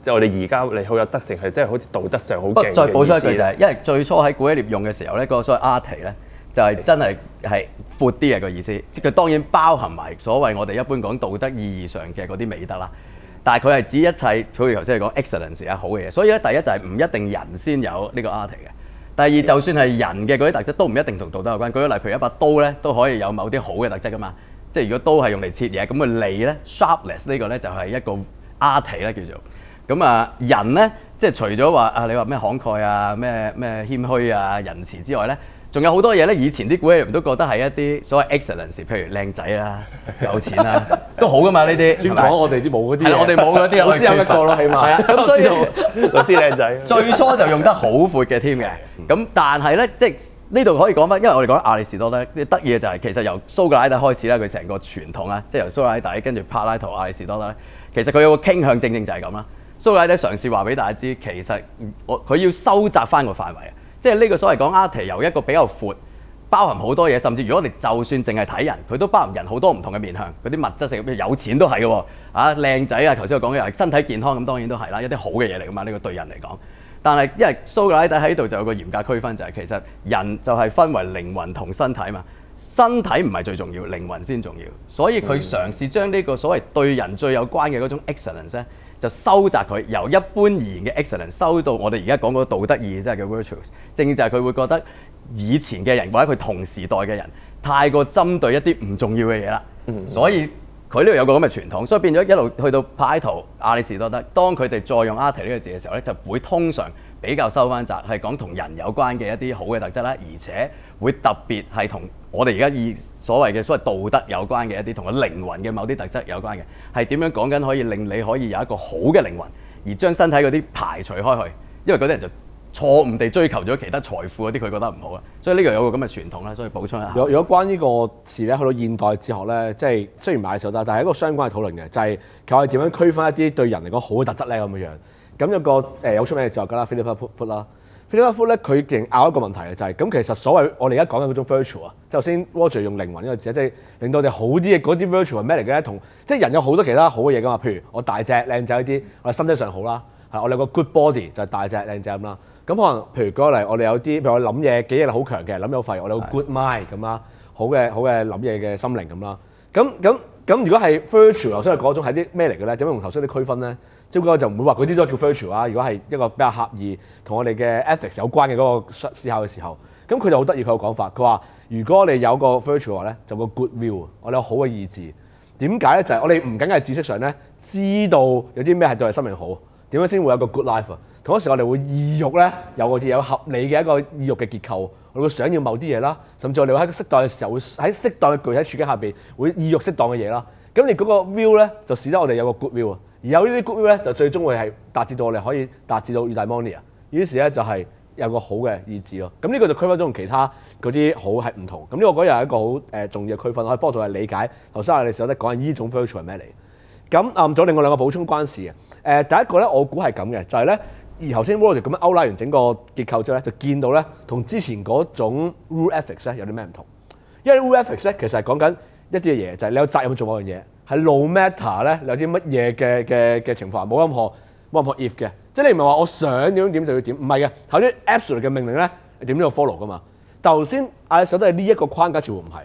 即係我哋而家你好有德性，係即係好似道德上好勁嘅意思。再補充一句就係，因為最初喺古希臘用嘅時候咧，個所謂 art 咧就係真係係闊啲嘅個意思。即係佢當然包含埋所謂我哋一般講道德意義上嘅嗰啲美德啦。但係佢係指一切，好似頭先係講 excellence 係好嘅嘢。所以咧第一就係唔一定人先有呢個 art 嘅。第二，就算係人嘅嗰啲特質，都唔一定同道德有關。舉個例，譬如一把刀咧，都可以有某啲好嘅特質噶嘛。即是如果刀係用嚟切嘢，咁個利咧，sharpness 呢個咧就係一個 r 提咧叫做。咁啊，人咧，即係除咗話啊，你話咩慷慨啊，咩咩謙虛啊，仁慈之外咧。仲有好多嘢咧，以前啲古人都覺得係一啲所謂 excellence，譬如靚仔啦、啊、有錢啦、啊，都好噶嘛呢啲。傳 統我哋啲冇嗰啲，我哋冇嗰啲老師有一個咯，起碼係啊。咁 所以老師靚仔， 最初就用得好闊嘅添嘅。咁 但係咧，即係呢度可以講返，因為我哋講阿里士多德，得意嘅就係其實由蘇格拉底開始啦，佢成個傳統啊，即係由蘇格拉底跟住柏拉圖、阿里士多德，其實佢有個傾向，正正就係咁啦。蘇格拉底嘗試話俾大家知，其實我佢要收窄翻個範圍即係呢個所謂講阿提由一個比較闊，包含好多嘢。甚至如果你就算淨係睇人，佢都包含人好多唔同嘅面向。嗰啲物質性，有錢都係嘅喎。啊，靚仔啊，頭先我講嘅係身體健康，咁當然都係啦，一啲好嘅嘢嚟噶嘛。呢個對人嚟講，但係因為蘇格拉底喺度就有個嚴格區分，就係其實人就係分為靈魂同身體嘛。身體唔係最重要，靈魂先重要。所以佢嘗試將呢個所謂對人最有關嘅嗰種 excellence。就收窄佢由一般而言嘅 excellence 收到我哋而家講嗰個道德意義，即係叫 virtues，正就係佢會覺得以前嘅人或者佢同時代嘅人太過針對一啲唔重要嘅嘢啦，mm-hmm. 所以佢呢度有個咁嘅傳統，所以變咗一路去到柏拉圖、阿里士多德，當佢哋再用 art 呢個字嘅時候咧，就會通常比較收翻窄，係講同人有關嘅一啲好嘅特質啦，而且會特別係同。我哋而家以所謂嘅所謂道德有關嘅一啲同個靈魂嘅某啲特質有關嘅，係點樣講緊可以令你可以有一個好嘅靈魂，而將身體嗰啲排除開去。因為嗰啲人就錯誤地追求咗其他財富嗰啲，佢覺得唔好啦。所以呢個有個咁嘅傳統啦。所以補充一下。有有關呢個詞咧，去到現代哲學咧，即係雖然買手得，但係一個相關嘅討論嘅，就係佢可以點樣區分一啲對人嚟講好嘅特質咧咁嘅樣。咁一個誒有出名嘅專家啦，Philippa Foot Peter Foot 咧，佢仍然拗一個問題嘅就係，咁其實所謂我哋而家講緊嗰種 virtual 啊，即頭先 Roger 用靈魂呢個字，即係令到我哋好啲嘅嗰啲 virtual 係咩嚟嘅咧？同即係人有好多其他好嘅嘢噶嘛，譬如我大隻靚仔啲，我身體上好啦，係我哋有個 good body 就係大隻靚仔咁啦。咁可能譬如舉個例，我哋有啲譬如我諗嘢記憶力好強嘅，諗嘢好廢，我哋有個 good mind 咁啦，好嘅好嘅諗嘢嘅心靈咁啦。咁咁咁如果係 virtual 啊，所以嗰種係啲咩嚟嘅咧？點樣用頭先啲區分咧？即哥就唔會話嗰啲都叫 virtue 啊。如果係一個比較狹義同我哋嘅 ethics 有關嘅嗰個思考嘅時候，咁佢就好得意佢嘅講法。佢話：如果你有個 virtue 咧，就有個 good will 我哋有好嘅意志。點解咧？就係、是、我哋唔僅係知識上咧知道有啲咩係對我哋生命好，點樣先會有個 good life。同一時我哋會意欲咧有個有合理嘅一個意欲嘅結構，我哋會想要某啲嘢啦。甚至我哋喺適當嘅時候會喺適當嘅具體處境下邊會意欲適當嘅嘢啦。咁你嗰個 view 咧就使得我哋有個 good will 啊。而有呢啲 goodwill 咧，就最終會係達至到我哋可以達至到 eudaimonia，於是咧就係有個好嘅意志咯。咁、這、呢個就區分咗同其他嗰啲好係唔同。咁、這、呢個嗰又係一個好重要嘅區分。可以幫助我理解頭先我哋師哥咧講緊呢種 virtue 係咩嚟。咁暗咗另外兩個補充關事。誒第一個咧，我估係咁嘅，就係、是、咧而頭先 Walter 咁樣勾拉完整個結構之後咧，就見到咧同之前嗰種 rule ethics 咧有啲咩唔同。因為 rule ethics 咧其實係講緊一啲嘅嘢，就係、是、你有責任做嗰樣嘢。係 no matter 咧有啲乜嘢嘅嘅嘅情況，冇任何冇任何 if 嘅，即係你唔係話我想點點就要點，唔係嘅，頭先 absolute 嘅命令咧點都要 follow 噶嘛。頭先阿手都係呢一個框架，似乎唔係，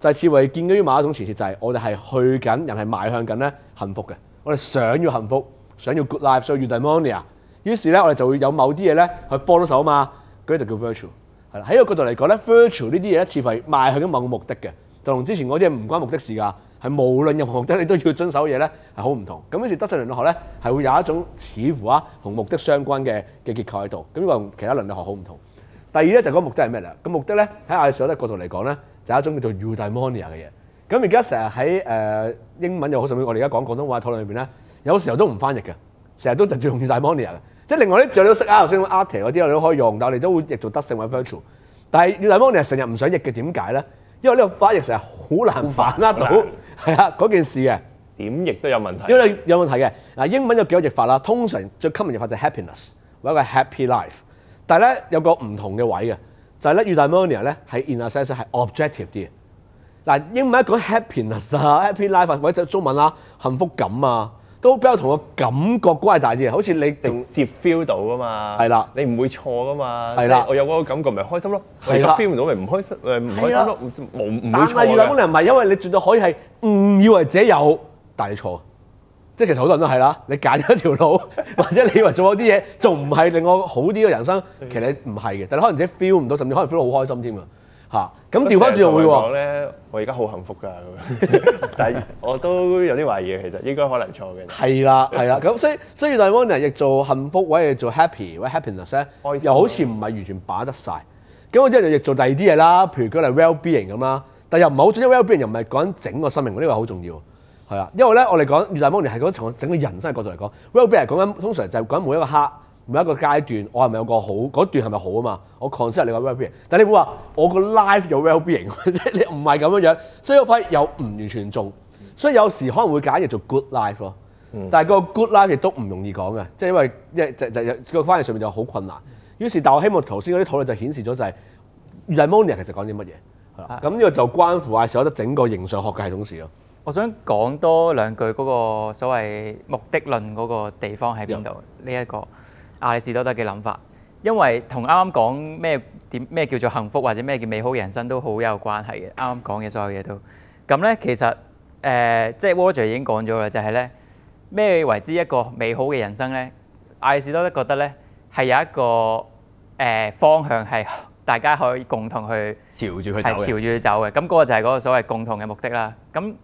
就係似乎係建基見於某一種辭彙，就係、是、我哋係去緊，人係邁向緊咧幸福嘅，我哋想要幸福，想要 good life，想要 eudaimonia，於是咧我哋就會有某啲嘢咧去幫到手啊嘛，嗰啲就叫 virtual，係啦，喺一個角度嚟講咧，virtual 呢啲嘢似乎係邁向緊某個目的嘅，就同之前嗰啲唔關目的事㗎。係無論任何目的，你都要遵守嘢咧，係好唔同。咁於是德性倫理學咧，係會有一種似乎啊同目的相關嘅嘅結構喺度。咁呢個同其他倫理學好唔同。第二咧就係個目的係咩啦？咁目的咧喺亞里士多德角度嚟講咧，就係、是、一種叫做 eudaimonia 嘅嘢。咁而家成日喺誒英文又好，甚至我哋而家講廣東話討論裏邊咧，有時候都唔翻譯嘅，成日都直接用 eudaimonia 嘅。即係另外啲字我都識啊，頭先 arete 嗰啲我哋都可以用，但我哋都會譯做德性或 virtual。但係 eudaimonia 成日唔想譯嘅點解咧？因為呢個翻譯成日好難把握到。係啊，嗰件事嘅點譯都有問題，因為有問題嘅嗱，英文有幾多譯法啦？通常最吸引人譯法就係 happiness 或一個 happy life，但係咧有一個唔同嘅位嘅，就係咧 eudaimonia 咧係 in a sense 係 objective 啲。嗱，英文一講 happiness、happy life 或者中文啦，幸福感啊。都比較同個感覺關係大啲，好似你直接 feel 到噶嘛，係啦，你唔會錯噶嘛，係啦，我有嗰個感覺咪開心咯，係啦，feel 唔到咪唔開心，誒唔開心咯，冇唔會錯啦。但係如果你唔係，因為你絕對可以係誤以為自己有，但係錯，即係其實好多人都係啦，你揀咗條路， 或者你以為做咗啲嘢，仲唔係令我好啲嘅人生，其實你唔係嘅，但係可能自己 feel 唔到，甚至可能 feel 到好開心添啊。吓咁調翻轉又會講咧，我而家好幸福㗎。但我都有啲懷疑，其實應該可能錯嘅。係啦，係啦。咁所以所以，越大摩呢譯做幸福，或者做 happy，或者 happiness，又好似唔係完全把握得晒。咁我之後就譯做第二啲嘢啦，譬如佢嚟 well being 咁啦。但又唔係好中意 well being，又唔係講緊整個生命，呢個好重要。係啊，因為咧，我哋講越大摩呢係講從整個人生嘅角度嚟講，well being 講緊通常就講每一個刻每一個階段，我係咪有個好嗰段係咪好啊？嘛，我 consider 你話 well-being，但你會話我個 life 有 well-being，你唔係咁樣樣，所以我發現又唔完全中。所以有時可能會揀嘢做 good life 咯，但係個 good life 亦都唔容易講嘅，即係因為一就個翻譯上面就好困難。於是，但我希望頭先嗰啲討論就顯示咗就係、是、emotion 其實講啲乜嘢。咁呢個就關乎阿 Sir 覺得整個形上學嘅系統事咯。我想講多兩句嗰、那個所謂目的論嗰個地方喺邊度呢一個。阿里士多德嘅諗法，因為同啱啱講咩點咩叫做幸福或者咩叫美好人生都好有關係嘅。啱啱講嘅所有嘢都，咁咧其實誒、呃，即係 Roger 已經講咗啦，就係咧咩為之一個美好嘅人生咧？阿里士多德覺得咧係有一個誒、呃、方向係大家可以共同去朝住佢係朝住去走嘅。咁、那、嗰個就係嗰個所謂共同嘅目的啦。咁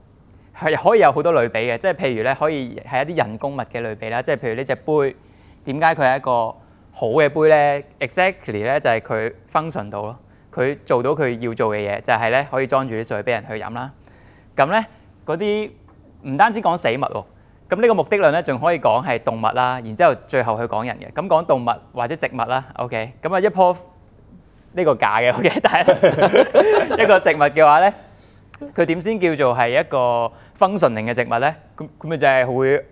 係可以有好多類比嘅，即係譬如咧可以係一啲人工物嘅類比啦，即係譬如呢隻杯。點解佢係一個好嘅杯咧？Exactly 咧，就係佢 function 到咯。佢做到佢要做嘅嘢，就係咧可以裝住啲水俾人去飲啦。咁咧嗰啲唔單止講死物喎。咁呢個目的論咧，仲可以講係動物啦。然之後最後去講人嘅。咁講動物或者植物啦。OK，咁啊一樖呢個假嘅 OK，但係一個植物嘅話咧，佢點先叫做係一個 function 型嘅植物咧？咁咁咪就係會。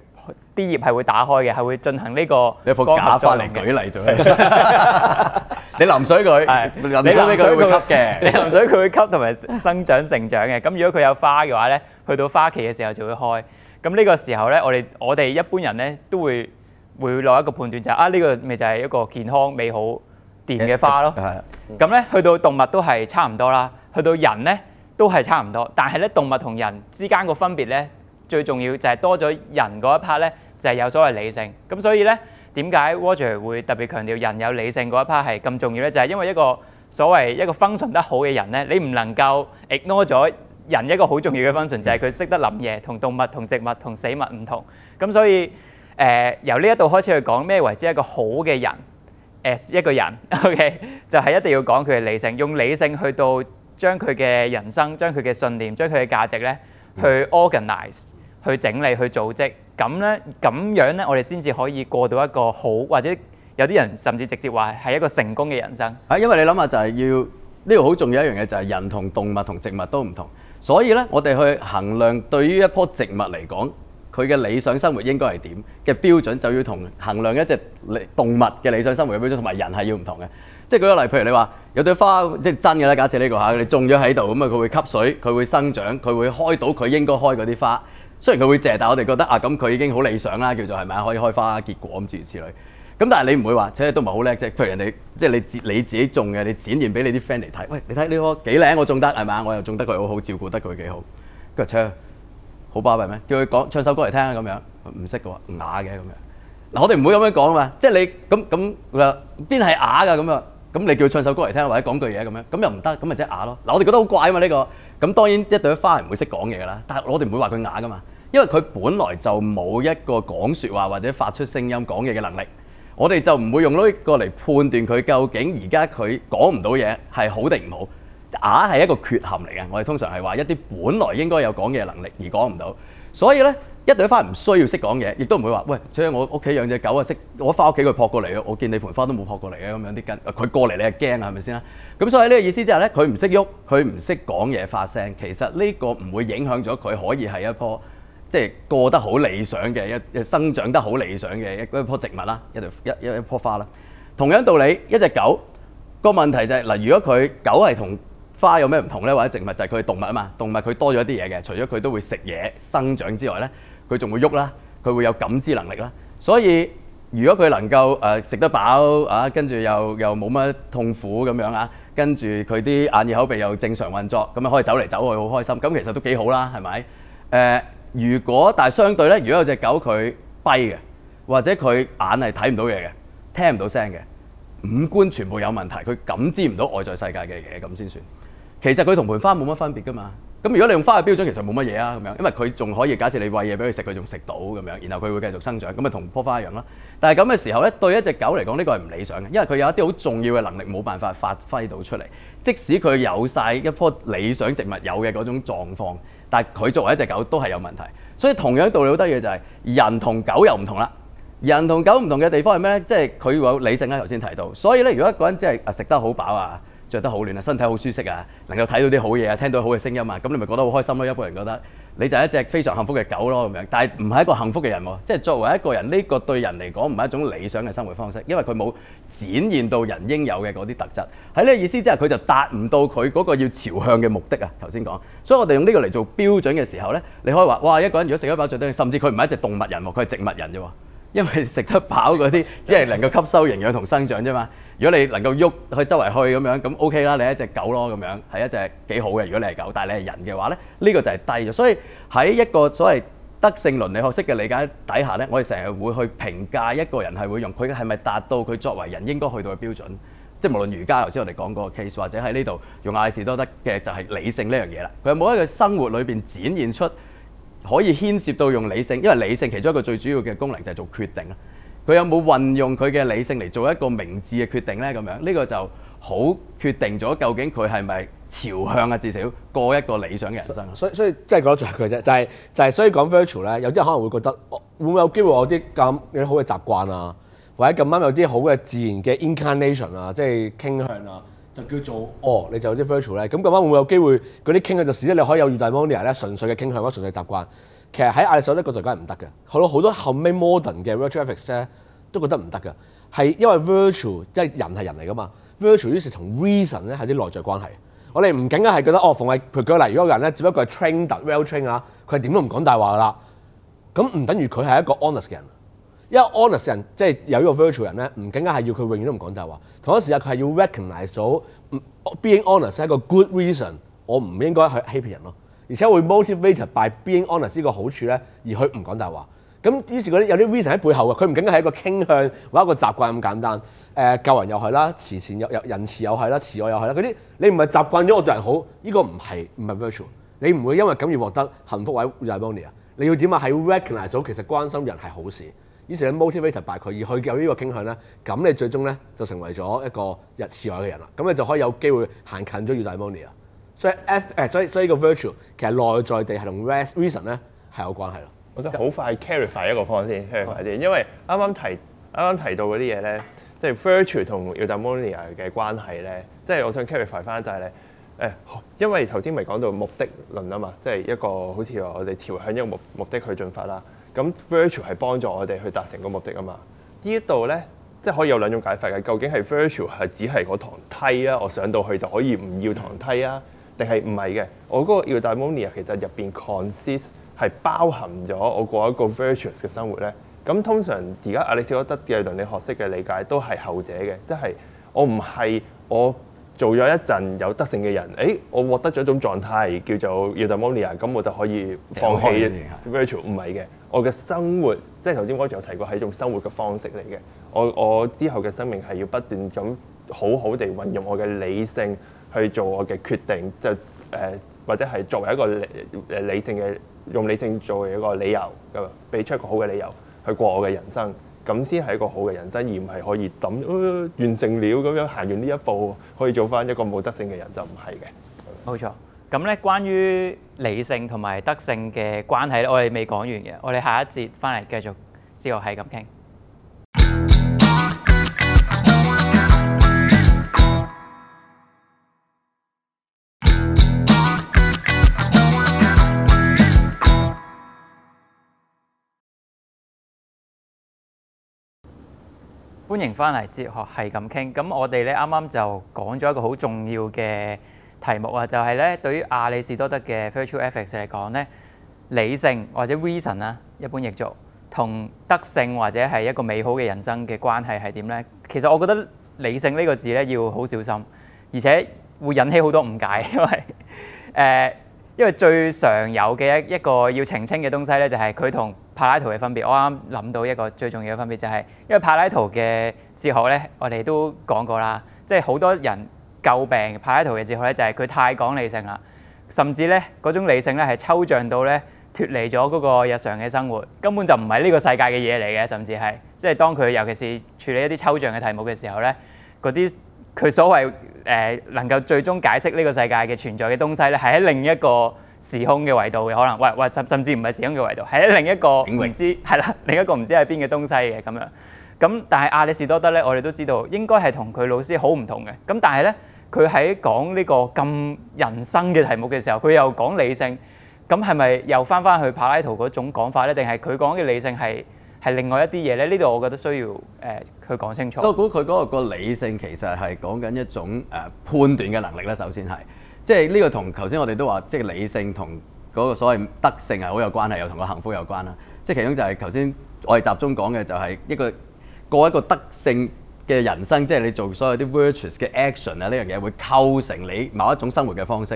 啲葉係會打開嘅，係會進行呢個光合作用嘅。你用假花嚟舉例咗 你淋水佢，你淋水佢會吸嘅，你淋水佢會吸同埋生長成長嘅。咁 如果佢有花嘅話咧，去到花期嘅時候就會開。咁呢個時候咧，我哋我哋一般人咧都會會攞一個判斷就係、是、啊呢、個咪就係一個健康美好掂嘅花咯。咁咧去到動物都係差唔多啦，去到人咧都係差唔多，但係咧動物同人之間個分別咧。最重要就係多咗人嗰一 part 咧，就係有所謂理性。咁所以咧，點解 Walter 會特別強調人有理性嗰一 part 係咁重要咧？就係因為一個所謂一個 function 得好嘅人咧，你唔能夠 ignore 咗人一個好重要嘅 function，就係佢識得諗嘢，同動物、同植物、同死物唔同。咁所以誒，由呢一度開始去講咩為之一個好嘅人，as 一個人，OK，就係一定要講佢嘅理性，用理性去到將佢嘅人生、將佢嘅信念、將佢嘅價值咧去 organize。去整理、去組織，咁呢？咁樣呢，我哋先至可以過到一個好，或者有啲人甚至直接話係一個成功嘅人生。啊，因為你諗下就係要呢個好重要一樣嘢，就係人同動物同植物都唔同，所以呢，我哋去衡量對於一棵植物嚟講，佢嘅理想生活應該係點嘅標準，就要同衡量一隻動物嘅理想生活嘅標準，同埋人係要唔同嘅。即係舉個例，譬如你話有對花，即係真嘅啦。假設呢個嚇，你種咗喺度，咁啊，佢會吸水，佢會生長，佢會開到佢應該開嗰啲花。雖然佢會謝，但係我哋覺得啊，咁佢已經好理想啦，叫做係咪可以開花結果咁諸如此類。咁但係你唔會話，唓都唔係好叻啫。譬如人哋即係你自你自己種嘅，你展現俾你啲 friend 嚟睇。喂，你睇呢棵幾靚，我種得係咪，我又種得佢好好照顧得佢幾好。跟住唱，好巴閉咩？叫佢講唱首歌嚟聽啊，咁樣唔識嘅話，啞嘅咁樣。嗱，我哋唔會咁樣講啊嘛。即係你咁咁嗱，邊係啞㗎咁樣？咁你叫佢唱首歌嚟聽，或者講句嘢咁樣，咁又唔得，咁咪即係啞咯。嗱，我哋覺得好怪啊嘛呢個。咁當然一朵花係唔會識講嘢噶啦，但係我哋唔會話佢啞噶嘛，因為佢本來就冇一個講說話或者發出聲音講嘢嘅能力。我哋就唔會用呢個嚟判斷佢究竟而家佢講唔到嘢係好定唔好。啞係一個缺陷嚟嘅，我哋通常係話一啲本來應該有講嘢能力而講唔到，所以咧。一朵花唔需要識講嘢，亦都唔會話喂。除非我屋企養隻狗啊，識我返屋企佢撲過嚟，我見你盆花都冇撲過嚟嘅咁樣啲根。佢過嚟你係驚啊，係咪先啊？咁所以呢個意思之下咧，佢唔識喐，佢唔識講嘢發聲。其實呢個唔會影響咗佢可以係一樖，即係過得好理想嘅一一生長得好理想嘅一樖植物啦，一朵一一一樖花啦。同樣道理，一隻狗個問題就係嗱，如果佢狗係同花有咩唔同咧，或者植物就係佢係動物啊嘛，動物佢多咗一啲嘢嘅，除咗佢都會食嘢生長之外咧。佢仲會喐啦，佢會有感知能力啦。所以如果佢能夠誒食得飽啊，跟住又又冇乜痛苦咁樣啊，跟住佢啲眼耳口鼻又正常運作，咁樣可以走嚟走去好開心，咁其實都幾好啦，係咪？誒，如果但係相對咧，如果有隻狗佢跛嘅，或者佢眼係睇唔到嘢嘅，聽唔到聲嘅，五官全部有問題，佢感知唔到外在世界嘅嘢，咁先算，其實佢同盆花冇乜分別㗎嘛。咁如果你用花嘅標準，其實冇乜嘢啊，咁樣，因為佢仲可以假設你餵嘢俾佢食，佢仲食到咁樣，然後佢會繼續生長，咁啊同棵花一樣啦。但係咁嘅時候咧，對一隻狗嚟講，呢個係唔理想嘅，因為佢有一啲好重要嘅能力冇辦法發揮到出嚟。即使佢有晒一棵理想植物有嘅嗰種狀況，但係佢作為一隻狗都係有問題。所以同樣道理好得意嘅就係人同狗又唔同啦。人同狗唔同嘅地方係咩咧？即係佢有理性啦，頭先提到。所以咧，如果一個人只係啊食得好飽啊。着得好暖啊，身體好舒適啊，能夠睇到啲好嘢啊，聽到好嘅聲音啊，咁你咪覺得好開心咯！一般人覺得你就係一隻非常幸福嘅狗咯咁樣，但係唔係一個幸福嘅人喎，即係作為一個人呢、呢個對人嚟講唔係一種理想嘅生活方式，因為佢冇展現到人應有嘅嗰啲特質。喺呢個意思之下，佢就達唔到佢嗰個要朝向嘅目的啊！頭先講，所以我哋用呢個嚟做標準嘅時候呢，你可以話：哇，一個人如果食得飽最緊要，甚至佢唔係一隻動物人，佢係植物人啫，因為食得飽嗰啲只係能夠吸收營養同生長啫嘛。如果你能夠喐去周圍去咁樣，咁 O K 啦，你係一隻狗咯咁樣，係一隻幾好嘅。如果你係狗，但係你係人嘅話咧，呢個就係低咗。所以喺一個所謂德性倫理學識嘅理解底下呢，我哋成日會去評價一個人係會用佢係咪達到佢作為人應該去到嘅標準。即係無論儒家頭先我哋講過嘅 case，或者喺呢度用亞里士多德嘅就係理性呢樣嘢啦。佢有冇喺佢生活裏邊展現出可以牽涉到用理性？因為理性其中一個最主要嘅功能就係做決定啦。佢有冇運用佢嘅理性嚟做一個明智嘅決定咧？咁樣呢、呢個就好決定咗究竟佢係咪朝向啊至少過一個理想嘅人生。所以所以真係、就是、覺得就係佢啫，就係、是、就係、是、所以講 virtual 咧，有啲人可能會覺得會唔會有機會我啲咁有啲好嘅習慣啊，或者咁啱有啲好嘅自然嘅 inclination 啊，即係傾向啊，就叫做哦你就有啲 virtual 咧，咁咁啱會唔會有機會嗰啲傾向就使得你可以有 eudaimonia 咧，純粹嘅傾向或者純粹嘅習慣？其實喺阿里士多德度梗係唔得嘅。係咯，好多後尾 modern 嘅 virtue ethics 咧都覺得唔得嘅，係因為 virtue 即係人係人嚟㗎嘛。virtue 於是同 reason 咧係啲內在關係。我哋唔淨係覺得哦，馮偉舉個例，如果個人咧只不過係 trained well trained 啊，佢係點都唔講大話㗎啦。咁唔等於佢係一個 honest 嘅人，因為 honest 嘅人即係、就是、有呢個 virtue 人咧，唔淨係要佢永遠都唔講大話。同一時間佢係要 recognize 到 being honest 係一個 good reason，我唔應該去欺騙人咯。而且會 motivated by being honest 呢個好處咧，而去唔講大話。咁於是嗰啲有啲 reason 喺背後啊，佢唔僅僅係一個傾向或者一個習慣咁簡單。誒、呃，救人又係啦，慈善又又仁慈又係啦，慈愛又係啦。嗰啲你唔係習慣咗我對人好，呢、呢個唔係唔係 virtual。你唔會因為咁而獲得幸福或者 eudaimonia。你要點啊？喺 recognize 到其實關心人係好事，於是你 motivated by 佢而去有呢個傾向咧，咁你最終咧就成為咗一個仁慈愛嘅人啦。咁你就可以有機會行近咗 eudaimonia。所以誒，所以所以個 virtual 其實內在地係同 reason 咧係有關係咯。我想好快 clarify 一個 point 先，clarify 先，因為啱啱提啱啱提到嗰啲嘢咧，即係 virtual 同 eudaimonia 嘅關係咧，即係我想 clarify 翻就係咧誒，因為頭先咪係講到目的論啊嘛，即係一個好似話我哋朝向一個目目的去進發啦，咁 virtual 係幫助我哋去達成個目的啊嘛。這裡呢一度咧，即係可以有兩種解法嘅，究竟係 virtual 係只係個堂梯啊，我上到去就可以唔要堂梯啊？嗯定係唔係嘅？我嗰個 eudaimonia 其實入邊 consist 係包含咗我過一個 virtuous 嘅生活咧。咁通常而家阿里士多德嘅倫理學式嘅理解都係後者嘅，即係我唔係我做咗一陣有德性嘅人，誒、欸、我獲得咗一種狀態叫做 eudaimonia，咁我就可以放棄 virtuous。唔係嘅，我嘅生活即係頭先我仲有提過係一種生活嘅方式嚟嘅。我我之後嘅生命係要不斷咁好好地運用我嘅理性。去做我嘅決定，就誒或者係作為一個理理性嘅，用理性做一個理由咁，俾出一個好嘅理由去過我嘅人生，咁先係一個好嘅人生，而唔係可以揼完成了咁樣行完呢一步，可以做翻一個冇德性嘅人，就唔係嘅。冇錯，咁咧關於理性同埋德性嘅關係咧，我哋未講完嘅，我哋下一節翻嚟繼續之後係咁傾。歡迎翻嚟哲學係咁傾。咁我哋咧啱啱就講咗一個好重要嘅題目啊，就係咧對於亞里士多德嘅 virtue ethics 嚟講咧，理性或者 reason 啦，一般譯作同德性或者係一個美好嘅人生嘅關係係點咧？其實我覺得理性呢個字咧要好小心，而且會引起好多誤解，因為誒因為最常有嘅一一個要澄清嘅東西咧，就係佢同柏拉圖嘅分別。我啱啱諗到一個最重要嘅分別，就係因為柏拉圖嘅哲學咧，我哋都講過啦，即係好多人詬病柏拉圖嘅哲學咧，就係佢太講理性啦，甚至咧嗰種理性咧係抽象到咧脫離咗嗰個日常嘅生活，根本就唔係呢個世界嘅嘢嚟嘅，甚至係即係當佢尤其是處理一啲抽象嘅題目嘅時候咧，嗰啲佢所謂，誒能夠最終解釋呢個世界嘅存在嘅東西咧，係喺另一個時空嘅維度嘅可能，或或甚甚至唔係時空嘅維度，係喺另一個唔知係啦，另一個唔知係邊嘅東西嘅咁樣。咁但係阿里士多德咧，我哋都知道應該係同佢老師好唔同嘅。咁但係咧，佢喺講呢個咁人生嘅題目嘅時候，佢又講理性，咁係咪又返返去柏拉圖嗰種講法咧？定係佢講嘅理性係？係另外一啲嘢咧，呢度我覺得需要誒佢講清楚。我估佢嗰個理性其實係講緊一種誒、呃、判斷嘅能力啦。首先係，即係呢個同頭先我哋都話，即係理性同嗰個所謂德性係好有關係，又同個幸福有關啦。即係其中就係頭先我哋集中講嘅，就係一個過一個德性嘅人生，即係你做所有啲 virtuous 嘅 action 啊呢樣嘢，會構成你某一種生活嘅方式。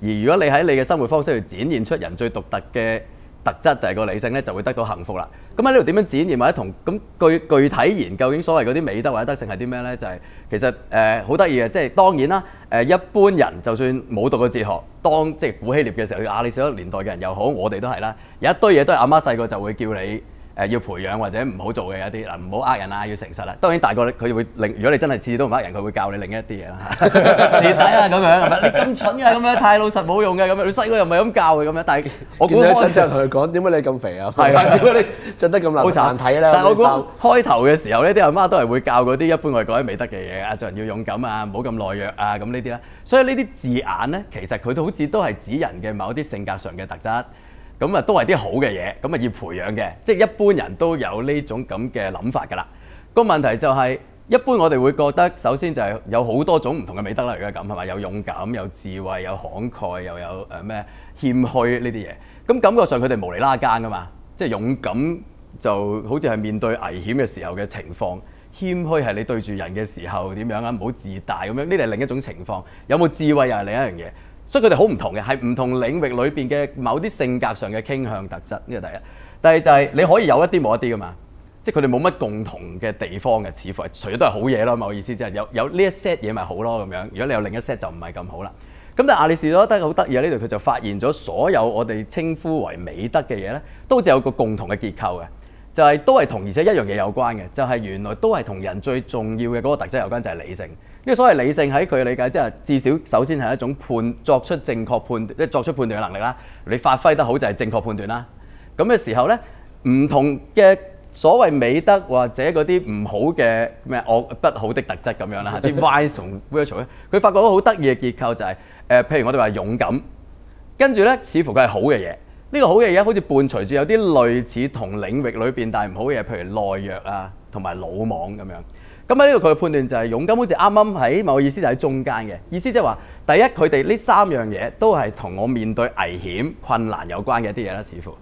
而如果你喺你嘅生活方式度展現出人最獨特嘅特質就係個理性咧，就會得到幸福啦。咁喺呢度點樣展現或者同咁具具體研究，究竟所謂嗰啲美德或者德性係啲咩咧？就係、是、其實誒好得意嘅，即係當然啦。誒、呃、一般人就算冇讀過哲學，當即古希臘嘅時候，亞里士多德年代嘅人又好，我哋都係啦，有一堆嘢都係阿媽細個就會叫你。誒要培養或者唔好做嘅一啲，嗱唔好呃人啊，要誠實啊。當然大個咧佢會令，如果你真係次次都唔呃人，佢會教你另一啲嘢啦。蝕底啦咁樣，你咁蠢嘅咁樣，太老實冇用嘅咁樣。你細個又唔係咁教嘅咁樣，但係我見你親戚同佢講，點解你咁肥啊？係啊，點解你著得咁邋遢？好難睇啦。我估開頭嘅時候咧，啲阿媽都係會教嗰啲一般我哋講啲美德嘅嘢，啊做人要勇敢啊，唔好咁懦弱啊，咁呢啲啦。所以呢啲字眼咧，其實佢都好似都係指人嘅某一啲性格上嘅特質。咁啊，都係啲好嘅嘢，咁啊要培養嘅，即係一般人都有呢種咁嘅諗法㗎啦。個問題就係、是，一般我哋會覺得，首先就係有好多種唔同嘅美德啦，而家咁係咪有勇敢、有智慧、有慷慨、有慷慨又有咩謙虛呢啲嘢。咁感覺上佢哋無釐拉掕㗎嘛，即係勇敢就好似係面對危險嘅時候嘅情況，謙虛係你對住人嘅時候點樣啊，唔好自大咁樣。呢係另一種情況，有冇智慧又係另一樣嘢。所以佢哋好唔同嘅，係唔同領域裏邊嘅某啲性格上嘅傾向特質，呢個第一。第二就係你可以有一啲冇一啲㗎嘛，即係佢哋冇乜共同嘅地方嘅，似乎係除咗都係好嘢咯。我意思即係有有呢一 set 嘢咪好咯咁樣。如果你有另一 set 就唔係咁好啦。咁但係阿里士多德好得意啊，呢度佢就發現咗所有我哋稱呼為美德嘅嘢咧，都只有個共同嘅結構嘅。就係、是、都係同，而且一樣嘢有關嘅，就係、是、原來都係同人最重要嘅嗰個特質有關，就係理性。呢、這個所謂理性喺佢理解之下，至少首先係一種判，作出正確判斷，即係作出判斷嘅能力啦。你發揮得好就係正確判斷啦。咁嘅時候呢，唔同嘅所謂美德或者嗰啲唔好嘅咩惡不好的特質咁樣啦，啲 wise 同 virtue 咧，佢發覺到好得意嘅結構就係、是呃、譬如我哋話勇敢，跟住呢，似乎佢係好嘅嘢。呢、這個好嘅嘢，好似伴隨住有啲類似同領域裏邊，但係唔好嘅嘢，譬如懦弱啊，同埋魯莽咁樣。咁喺呢度佢嘅判斷就係、是，勇敢好似啱啱喺，某個意思就喺中間嘅。意思即係話，第一佢哋呢三樣嘢都係同我面對危險困難有關嘅一啲嘢啦，似乎。誒、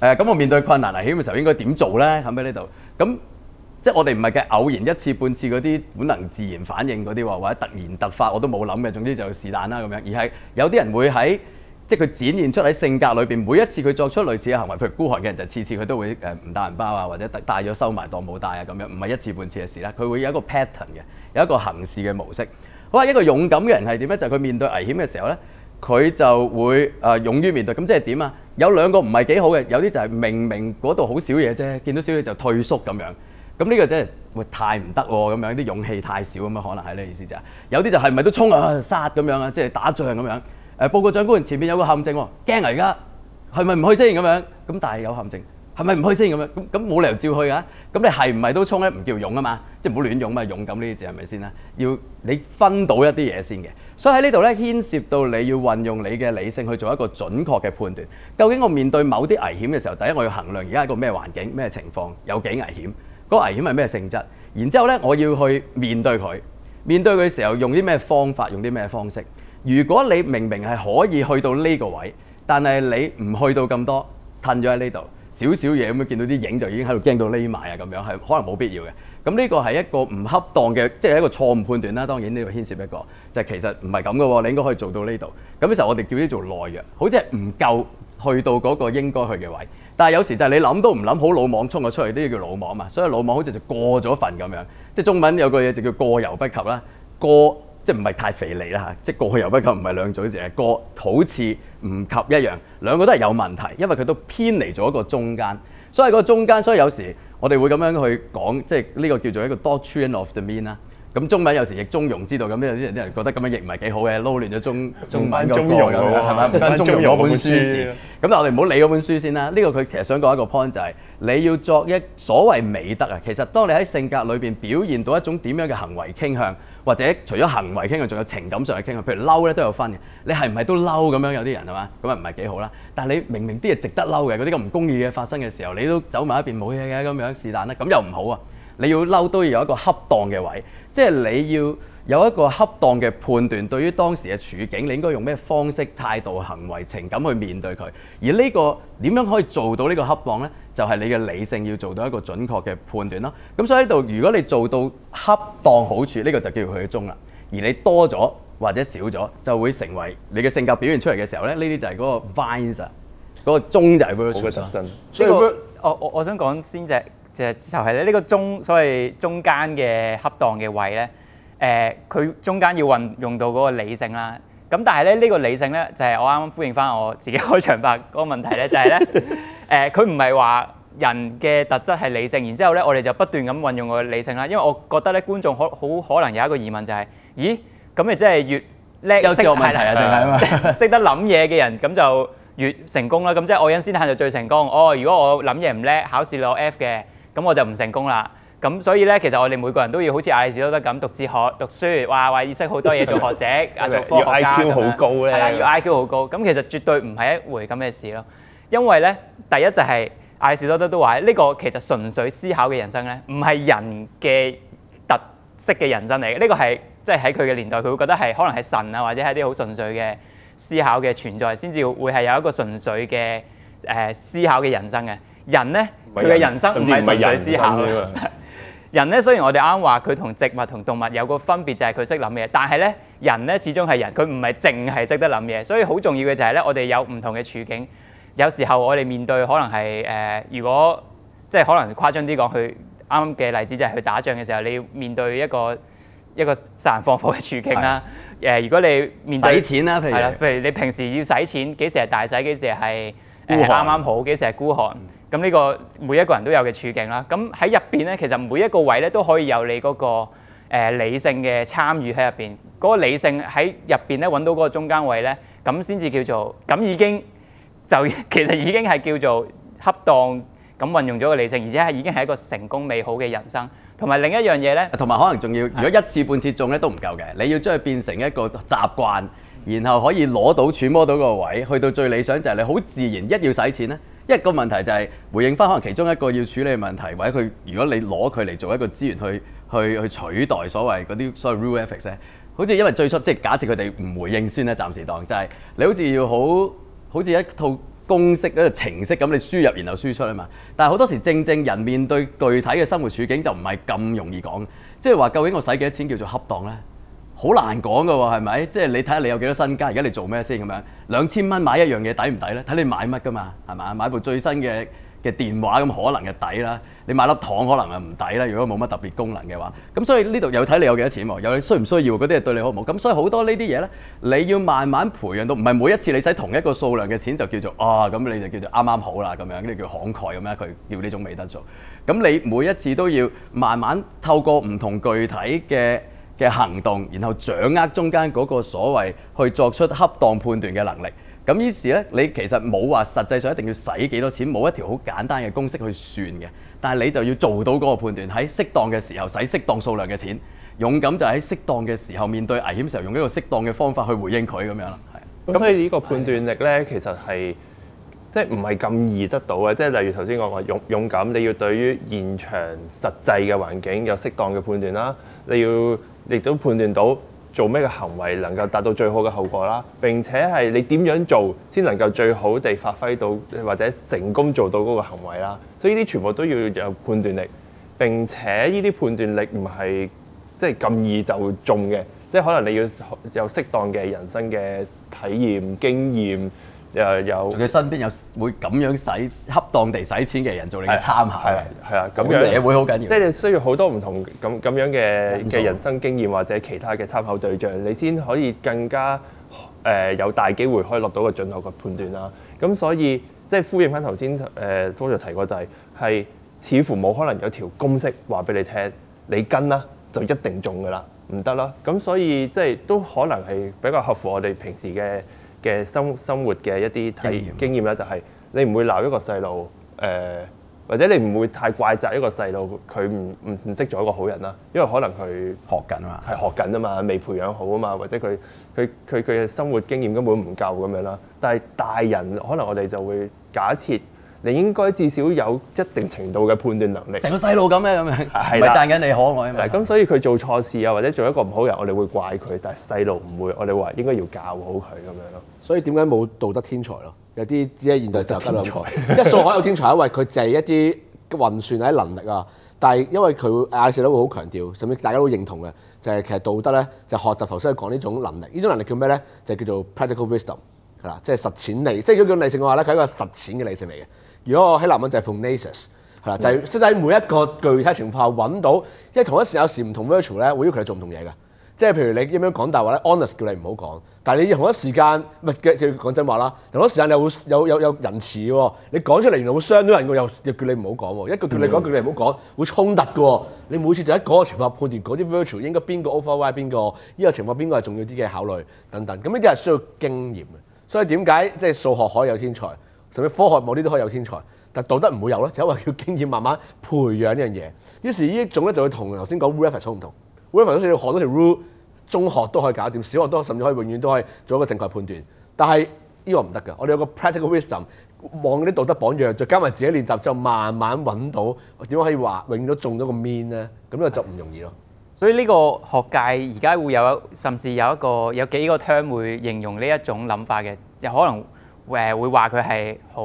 呃，咁我面對困難危險嘅時候應該點做咧？係咪呢度？咁即係我哋唔係嘅偶然一次半次嗰啲本能自然反應嗰啲喎，或者突然突發我都冇諗嘅。總之就是但啦咁樣，而係有啲人會喺。即係佢展現出喺性格裏邊，每一次佢作出類似嘅行為，譬如孤寒嘅人就次次佢都會誒唔帶銀包啊，或者帶咗收埋當冇帶啊咁樣，唔係一次半次嘅事咧。佢會有一個 pattern 嘅，有一個行事嘅模式。好啊，一個勇敢嘅人係點咧？就係佢面對危險嘅時候咧，佢就會誒、呃、勇於面對。咁即係點啊？有兩個唔係幾好嘅，有啲就係明明嗰度好少嘢啫，見到少嘢就退縮咁樣。咁呢個即係喂太唔得喎，咁樣啲勇氣太少咁啊，可能係呢意思就係：有啲就係咪都衝啊殺咁樣啊，即係打仗咁樣。誒報告長官，前面有個陷阱喎，驚啊！而家係咪唔去先咁樣？咁但係有陷阱，係咪唔去先咁樣？咁咁冇理由照去㗎。咁你係唔係都衝咧？唔叫勇啊嘛，即係唔好亂用嘛。勇敢呢啲字係咪先啦？要你分到一啲嘢先嘅。所以喺呢度咧，牽涉到你要運用你嘅理性去做一個準確嘅判斷。究竟我面對某啲危險嘅時候，第一我要衡量而家係一個咩環境、咩情況，有幾危險？嗰個危險係咩性質？然之後咧，我要去面對佢。面對佢嘅時候，用啲咩方法？用啲咩方式？如果你明明係可以去到呢個位，但係你唔去到咁多，褪咗喺呢度少少嘢咁樣，見到啲影就已經喺度驚到匿埋啊咁樣，係可能冇必要嘅。咁呢個係一個唔恰當嘅，即係一個錯誤判斷啦。當然呢個牽涉一個就係、其實唔係咁嘅喎，你應該可以做到呢度。咁其實我哋叫呢做懦弱，好似係唔夠去到嗰個應該去嘅位。但係有時就係你諗都唔諗，好魯莽衝咗出去，都要叫魯莽嘛。所以魯莽好似就過咗份咁樣，即係中文有個嘢就叫過猶不及啦，過。即係唔係太肥膩啦吓，即係過去又不及，唔係兩嘴，只係過好似唔及一樣，兩個都係有問題，因為佢都偏離咗一個中間。所以個中間，所以有時我哋會咁樣去講，即係呢個叫做一個 Doctrine of the Mean 啦。咁中文有時譯中庸之道，咁有啲人啲人覺得咁樣譯唔係幾好嘅，撈亂咗中中文嗰個係嘛？跟中庸咗、啊啊啊本，啊、本書先。咁但係我哋唔好理嗰本書先啦。呢個佢其實想講一個 point 就係、是，你要作一所謂美德啊，其實當你喺性格裏面表現到一種點樣嘅行為傾向。或者除咗行為傾向，仲有情感上去傾向，譬如嬲咧都有分嘅。你係唔係都嬲咁樣？有啲人係嘛，咁啊唔係幾好啦。但係你明明啲嘢值得嬲嘅，嗰啲咁唔公義嘅發生嘅時候，你都走埋一邊冇嘢嘅咁樣，是但啦，咁又唔好啊。你要嬲都要有一個恰當嘅位，即係你要，有一個恰當嘅判斷，對於當時嘅處境，你應該用咩方式、態度、行為、情感去面對佢。而呢、這個點樣可以做到呢個恰當呢？就係、是、你嘅理性要做到一個準確嘅判斷咯。咁所以呢度，如果你做到恰當好處，呢、這個就叫佢嘅中啦。而你多咗或者少咗，就會成為你嘅性格表現出嚟嘅時候呢，呢啲就係嗰個 vice 啊，嗰、這個就是就是、個中就係 virtue 我我想講先隻就係咧，呢個中所謂中間嘅恰當嘅位呢。誒，佢中間要運用到嗰個理性啦。咁但係咧，呢個理性咧，就係我啱啱呼應翻我自己開場白嗰個問題咧，就係咧，誒，佢唔係話人嘅特質係理性，然之後咧，我哋就不斷咁運用個理性啦。因為我覺得咧，觀眾可好可能有一個疑問就係，咦，咁咪即係越叻就係啦，識得諗嘢嘅人咁就越成功啦。咁即係愛因斯坦就最成功。哦，如果我諗嘢唔叻，考試攞 F 嘅，咁我就唔成功啦。咁所以咧，其實我哋每個人都要好似阿里士多德咁讀哲學、讀書，話話要識好多嘢做學者、做科學家。要 IQ 好高咧！要 IQ 好高。咁其實絕對唔係一回咁嘅事咯。因為咧，第一就係阿里士多德都話，呢個其實純粹思考嘅人生咧，唔係人嘅特色嘅人生嚟嘅。呢個係即係喺佢嘅年代，佢會覺得係可能係神啊，或者係啲好純粹嘅思考嘅存在，先至會係有一個純粹嘅誒思考嘅人生嘅。人咧，佢嘅人生唔係純粹思考。人咧，雖然我哋啱話佢同植物同動物有個分別，就係佢識諗嘢，但係咧人咧，始終係人，佢唔係淨係識得諗嘢，所以好重要嘅就係咧，我哋有唔同嘅處境，有時候我哋面對可能係誒、呃，如果即係可能誇張啲講，佢啱啱嘅例子就係去打仗嘅時候，你要面對一個一個殺人放火嘅處境啦。誒，如果你面對使錢啦、啊，譬如係啦，譬如你平時要使錢，幾時係大使，幾時係誒啱啱好，幾時係孤寒。呃咁呢個每一個人都有嘅處境啦。咁喺入邊呢，其實每一個位呢都可以有你嗰個誒理性嘅參與喺入邊。嗰個理性喺入邊呢揾到嗰個中間位呢，咁先至叫做咁已經就其實已經係叫做恰當咁運用咗個理性，而且係已經係一個成功美好嘅人生。同埋另一樣嘢呢，同埋可能仲要，如果一次半次中呢都唔夠嘅，你要將佢變成一個習慣，然後可以攞到揣摩到個位，去到最理想就係你好自然一要使錢呢。一個問題就係、是、回應翻，可能其中一個要處理嘅問題，或者佢如果你攞佢嚟做一個資源去去，去取代所謂嗰啲所謂 rule ethics 咧，好似因為最初即係假設佢哋唔回應先咧，暫時當就係、是、你好似要好好似一套公式一個程式咁，你輸入然後輸出啊嘛。但係好多時正正人面對具體嘅生活處境就唔係咁容易講，即係話究竟我使幾多錢叫做恰當呢？好難講噶喎，係咪？即係你睇下你有幾多身家，而家你做咩先咁樣？兩千蚊買一樣嘢抵唔抵咧？睇你買乜噶嘛，係嘛？買部最新嘅嘅電話咁可能就抵啦，你買粒糖可能就唔抵啦。如果冇乜特別功能嘅話，咁所以呢度又睇你有幾多錢喎，有需唔需要嗰啲係對你好唔好？咁所以好多呢啲嘢咧，你要慢慢培養到，唔係每一次你使同一個數量嘅錢就叫做啊咁你就叫做啱啱好啦咁樣，呢叫慷慨咁樣，佢叫呢種美德做。咁你每一次都要慢慢透過唔同具體嘅。嘅行動，然後掌握中間嗰個所謂去作出恰當判斷嘅能力。咁於是呢，你其實冇話實際上一定要使幾多錢，冇一條好簡單嘅公式去算嘅。但係你就要做到嗰個判斷，喺適當嘅時候使適當數量嘅錢。勇敢就喺適當嘅時候面對危險時候，用一個適當嘅方法去回應佢咁樣啦。係。咁所以呢個判斷力呢，其實係即係唔係咁易得到嘅。即係例如頭先我話勇勇敢，你要對於現場實際嘅環境有適當嘅判斷啦，你要。亦都判斷到做咩嘅行為能夠達到最好嘅後果啦，並且係你點樣做先能夠最好地發揮到或者成功做到嗰個行為啦，所以呢啲全部都要有判斷力，並且呢啲判斷力唔係即係咁易就中嘅，即係可能你要有適當嘅人生嘅體驗經驗。誒，有佢身邊有會咁樣使恰當地使錢嘅人做你嘅參考對係係啊，咁社會好緊要，即係你需要好多唔同咁咁樣嘅嘅人生經驗或者其他嘅參考對象，你先可以更加誒、呃、有大機會可以落到個準確嘅判斷啦。咁所以即係、就是、呼應翻頭先誒多謝提過、就是，就係係似乎冇可能有一條公式話俾你聽，你跟啦就一定中㗎喇，唔得啦。咁所以即係、就是、都可能係比較合乎我哋平時嘅。嘅生生活嘅一啲體驗經驗啦，就係你唔會鬧一個細路誒，或者你唔會太怪責一個細路，佢唔唔唔識做一個好人啦，因為可能佢學緊啊嘛，係學緊啊嘛，未培養好啊嘛，或者佢佢佢佢嘅生活經驗根本唔夠咁樣啦。但係大人可能我哋就會假設。.你應該至少有一定程度嘅判斷能力，成個細路咁樣咁樣，係咪讚緊你可愛啊嘛。嗱，咁所以佢做錯事啊，或者做一個唔好人，我哋會怪佢，但係細路唔會，我哋話應該要教好佢咁樣咯。所以點解冇道德天才咯？有啲只係現代天才，一數學有天才， 因為佢就係一啲運算嘅能力啊。但係因為佢阿里士多德會好強調，甚至大家都認同嘅，就係、是、其實道德咧就是、學習頭先講呢種能力，呢種能力叫咩咧？就叫做 practical wisdom，係啦、就是，即係實踐理，即係如果叫理性嘅話咧，佢係一個實踐嘅理性嚟嘅。如果我喺南邊就係 phronesis 啦，就係識喺每一個具體情況揾到，即係同一時有時唔同 virtue 咧，會要求你做唔同嘢嘅。即係譬如你點樣講大話咧，honest 叫你唔好講，但係你同一時間，咪嘅講真話啦。同一時間又會有有有仁慈喎，你講出嚟又會傷到人又又叫你唔好講喎，一個叫你講，一個叫你唔好講，會衝突嘅喎。你每次就喺嗰個情況判斷嗰啲 virtue 應該邊個 override 邊個，呢個情況邊個係重要啲嘅考慮等等。咁呢啲係需要經驗嘅，所以點解即係數學可以有天才？甚至科學冇啲都可以有天才，但道德唔會有咧，就因為要經驗慢慢培養一樣嘢。於是呢一種咧就會同頭先講 rule of thumb 唔同。rule of thumb 好似學到條 rule，中學都可以搞掂，小學都甚至可以永遠都可以做一個正確判斷。但係呢個唔得㗎，我哋有個 practical wisdom，望啲道德榜樣，再加埋自己的練習之後，慢慢揾到點樣可以話永遠都中咗個 mean 咧，咁咧就唔容易咯。所以呢個學界而家會有甚至有一個有幾個 term 會形容呢一種諗法嘅，就可能。誒會話佢係好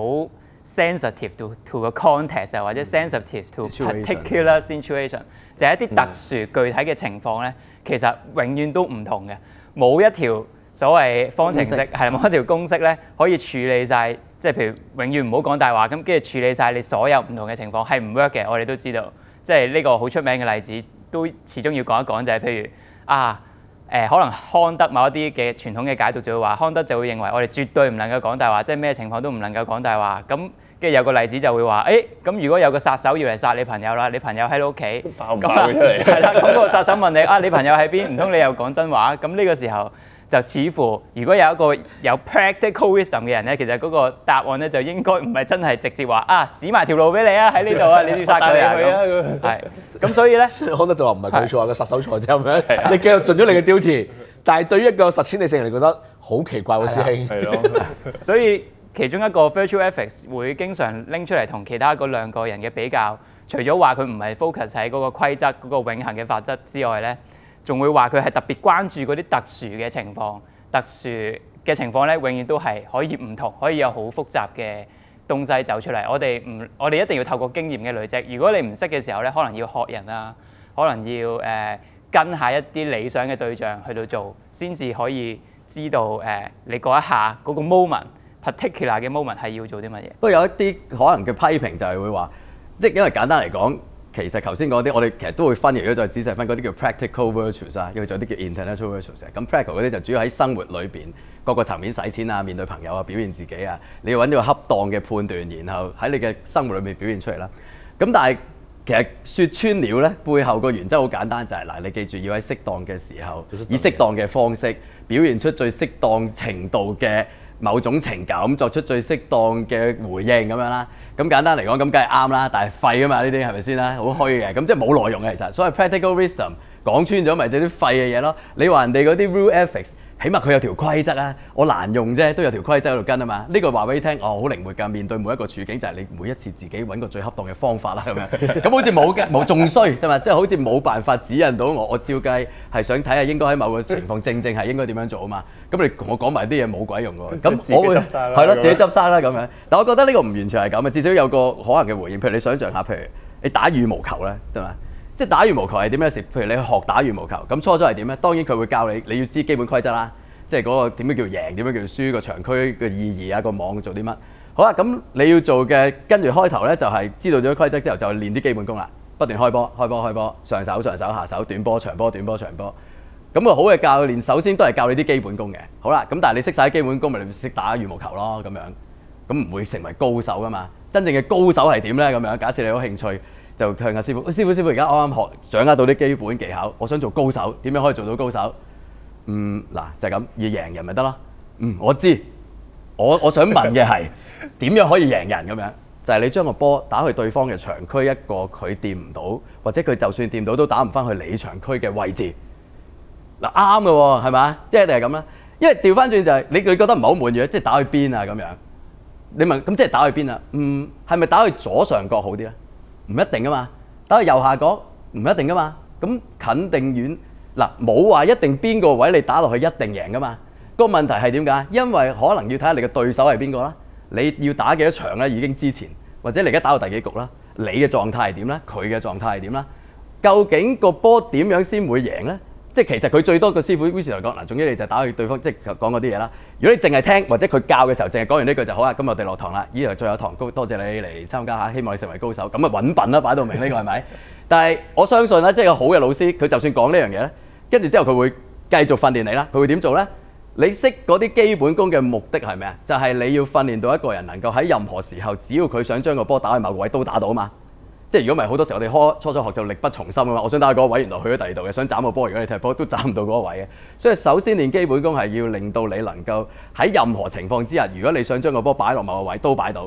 sensitive to to 個 context 或者 sensitive to particular situation，、嗯、就係、是、一啲特殊具體嘅情況咧、嗯，其實永遠都唔同嘅，冇一條所謂方程式係冇一條公式咧可以處理晒。即、就、係、是、譬如永遠唔好講大話咁，跟住處理晒你所有唔同嘅情況係唔 work 嘅，我哋都知道，即係呢個好出名嘅例子都始終要講一講就係、是、譬如啊。誒、呃、可能康德某一啲嘅傳統嘅解讀就會話，康德就會認為我哋絕對唔能夠講大話，即係咩情況都唔能夠講大話。咁跟住有個例子就會話，誒、欸、咁如果有個殺手要嚟殺你朋友啦，你朋友喺你屋企，爆出嚟係啦。咁、 咁個殺手問你啊，你朋友喺邊？唔通你又講真話？咁呢個時候。就似乎如果有一個有 practical wisdom 嘅人咧，其實嗰個答案咧就應該唔係真係直接話啊，指埋條路俾你，在你，你 這樣 啊喺呢度啊，你要殺佢啊佢啊咁。咁所以咧，可能就話唔係佢錯，係個殺手錯啫咁樣。你繼續盡咗你嘅 duty， 但係對於一個實踐理性人嚟講，覺得好奇怪喎師兄。係咯、啊。啊、 所以其中一個 virtue ethics 會經常拎出嚟同其他嗰兩個人嘅比較，除咗話佢唔係 focus 喺嗰個規則嗰、嗰個永恆嘅法則之外咧。仲會話佢係特別關注嗰啲特殊嘅情況，特殊嘅情況咧，永遠都係可以唔同，可以有好複雜嘅東西走出嚟。我哋唔，我哋一定要透過經驗嘅累積。如果你唔識嘅時候咧，可能要學人啦，可能要誒、呃、跟下一啲理想嘅對象去到做，先至可以知道誒、呃、你嗰一下嗰個 moment，particular 嘅 moment 係要做啲乜嘢。不過有一啲可能嘅批評就係會話，即因為簡單嚟講。其實頭先講啲，我哋其實都會分的，如果，再仔細分，嗰啲叫 practical virtues 啊，要仲有啲叫 intellectual virtues。咁 practical 嗰啲就主要喺生活裏面，各個層面使錢啊，面對朋友啊，表現自己啊，你要揾個恰當嘅判斷，然後喺你嘅生活裏面表現出嚟啦。咁但係其實説穿了呢，背後個原則好簡單，就係、是、嗱，你記住要喺適當嘅時候的，以適當嘅方式表現出最適當程度嘅，某種情感作出最適當嘅回應咁樣啦，咁簡單嚟講咁梗係啱啦，但係廢啊嘛呢啲係咪先啦？好虛嘅，咁即係冇內容嘅其實，所謂 practical wisdom 講穿咗咪即係啲廢嘅嘢咯？你話人哋嗰啲 rule ethics。起碼佢有條規則啊，我難用啫，都有條規則喺度跟啊嘛。呢個話俾你聽，我好靈活㗎。面對每一個處境，就係你每一次自己揾個最恰當嘅方法啦咁樣。咁好似冇嘅，冇仲衰，係嘛？即係好似冇辦法指引到我，我照計係想睇下應該喺某個情況，正正係應該點樣做啊嘛。咁你我講埋啲嘢冇鬼用喎。咁我會係咯，自己執生啦咁樣。但我覺得呢個唔完全係咁啊，至少有個可能嘅回應。譬如你想象下，譬如你打羽毛球咧，對嘛？即係打羽毛球係點樣？譬如你去學打羽毛球，咁初初係點呢？當然佢會教你，你要知基本規則啦。即係嗰個點樣叫贏，點樣叫輸，個場區嘅意義啊，個網做啲乜？好啦，咁你要做嘅跟住開頭呢，就係知道咗規則之後，就練啲基本功啦。不斷開波，開波，開波，上手，上手，下手，短波長波，短波長波。咁個好嘅教練首先都係教你啲基本功嘅。好啦，咁但係你識晒基本功，咪你識打羽毛球咯咁樣。咁唔會成為高手噶嘛？真正嘅高手係點呢？咁樣，假設你有興趣。就向阿師傅，師傅師傅，而家啱啱學掌握到啲基本技巧，我想做高手，點樣可以做到高手？嗯，嗱就係咁，要贏人咪得咯？嗯，我知，我我想問嘅係點樣可以贏人咁樣？就係你將個波打去對方嘅長區一個佢掂唔到，或者佢就算掂到都打唔翻去你長區嘅位置。嗱啱嘅喎，係咪即係定係咁啦？因為調翻轉就係你佢覺得唔好滿意，即係打去邊啊咁樣？你問咁即係打去邊啊？嗯，係咪打去左上角好啲咧？唔一定噶嘛，打去右下角唔一定噶嘛，咁近定遠嗱，冇話一定邊個位你打落去一定贏噶嘛。個問題係點解？因為可能要睇下你嘅對手係邊個啦，你要打幾多場咧已經之前，或者你而家打到第幾局啦，你嘅狀態係點啦，佢嘅狀態係點啦，究竟個波點樣先會贏咧？即係其實佢最多個師傅，於是嚟講嗱，總之你就打去對方，即係講嗰啲嘢啦。如果你淨係聽，或者佢教嘅時候，淨係講完呢句就好啦。咁我哋落堂啦，呢度最後堂，高多謝你嚟參加下，希望你成為高手。咁啊揾笨啦，擺到明呢個係咪？但係我相信咧，即係個好嘅老師，佢就算講呢樣嘢咧，跟住之後佢會繼續訓練你啦。佢會點做咧？你識嗰啲基本功嘅目的係咩啊？就係你要訓練到一個人能夠喺任何時候，只要佢想將個波打去某個位，都打到嘛。即係如果唔係好多時候我，我哋初初學就力不從心啊嘛。我想打嗰個位，原來去咗第二度嘅，想斬個波，如果你踢波都斬唔到嗰個位嘅。所以首先練基本功係要令到你能夠喺任何情況之下，如果你想將個波擺落某個位都擺到，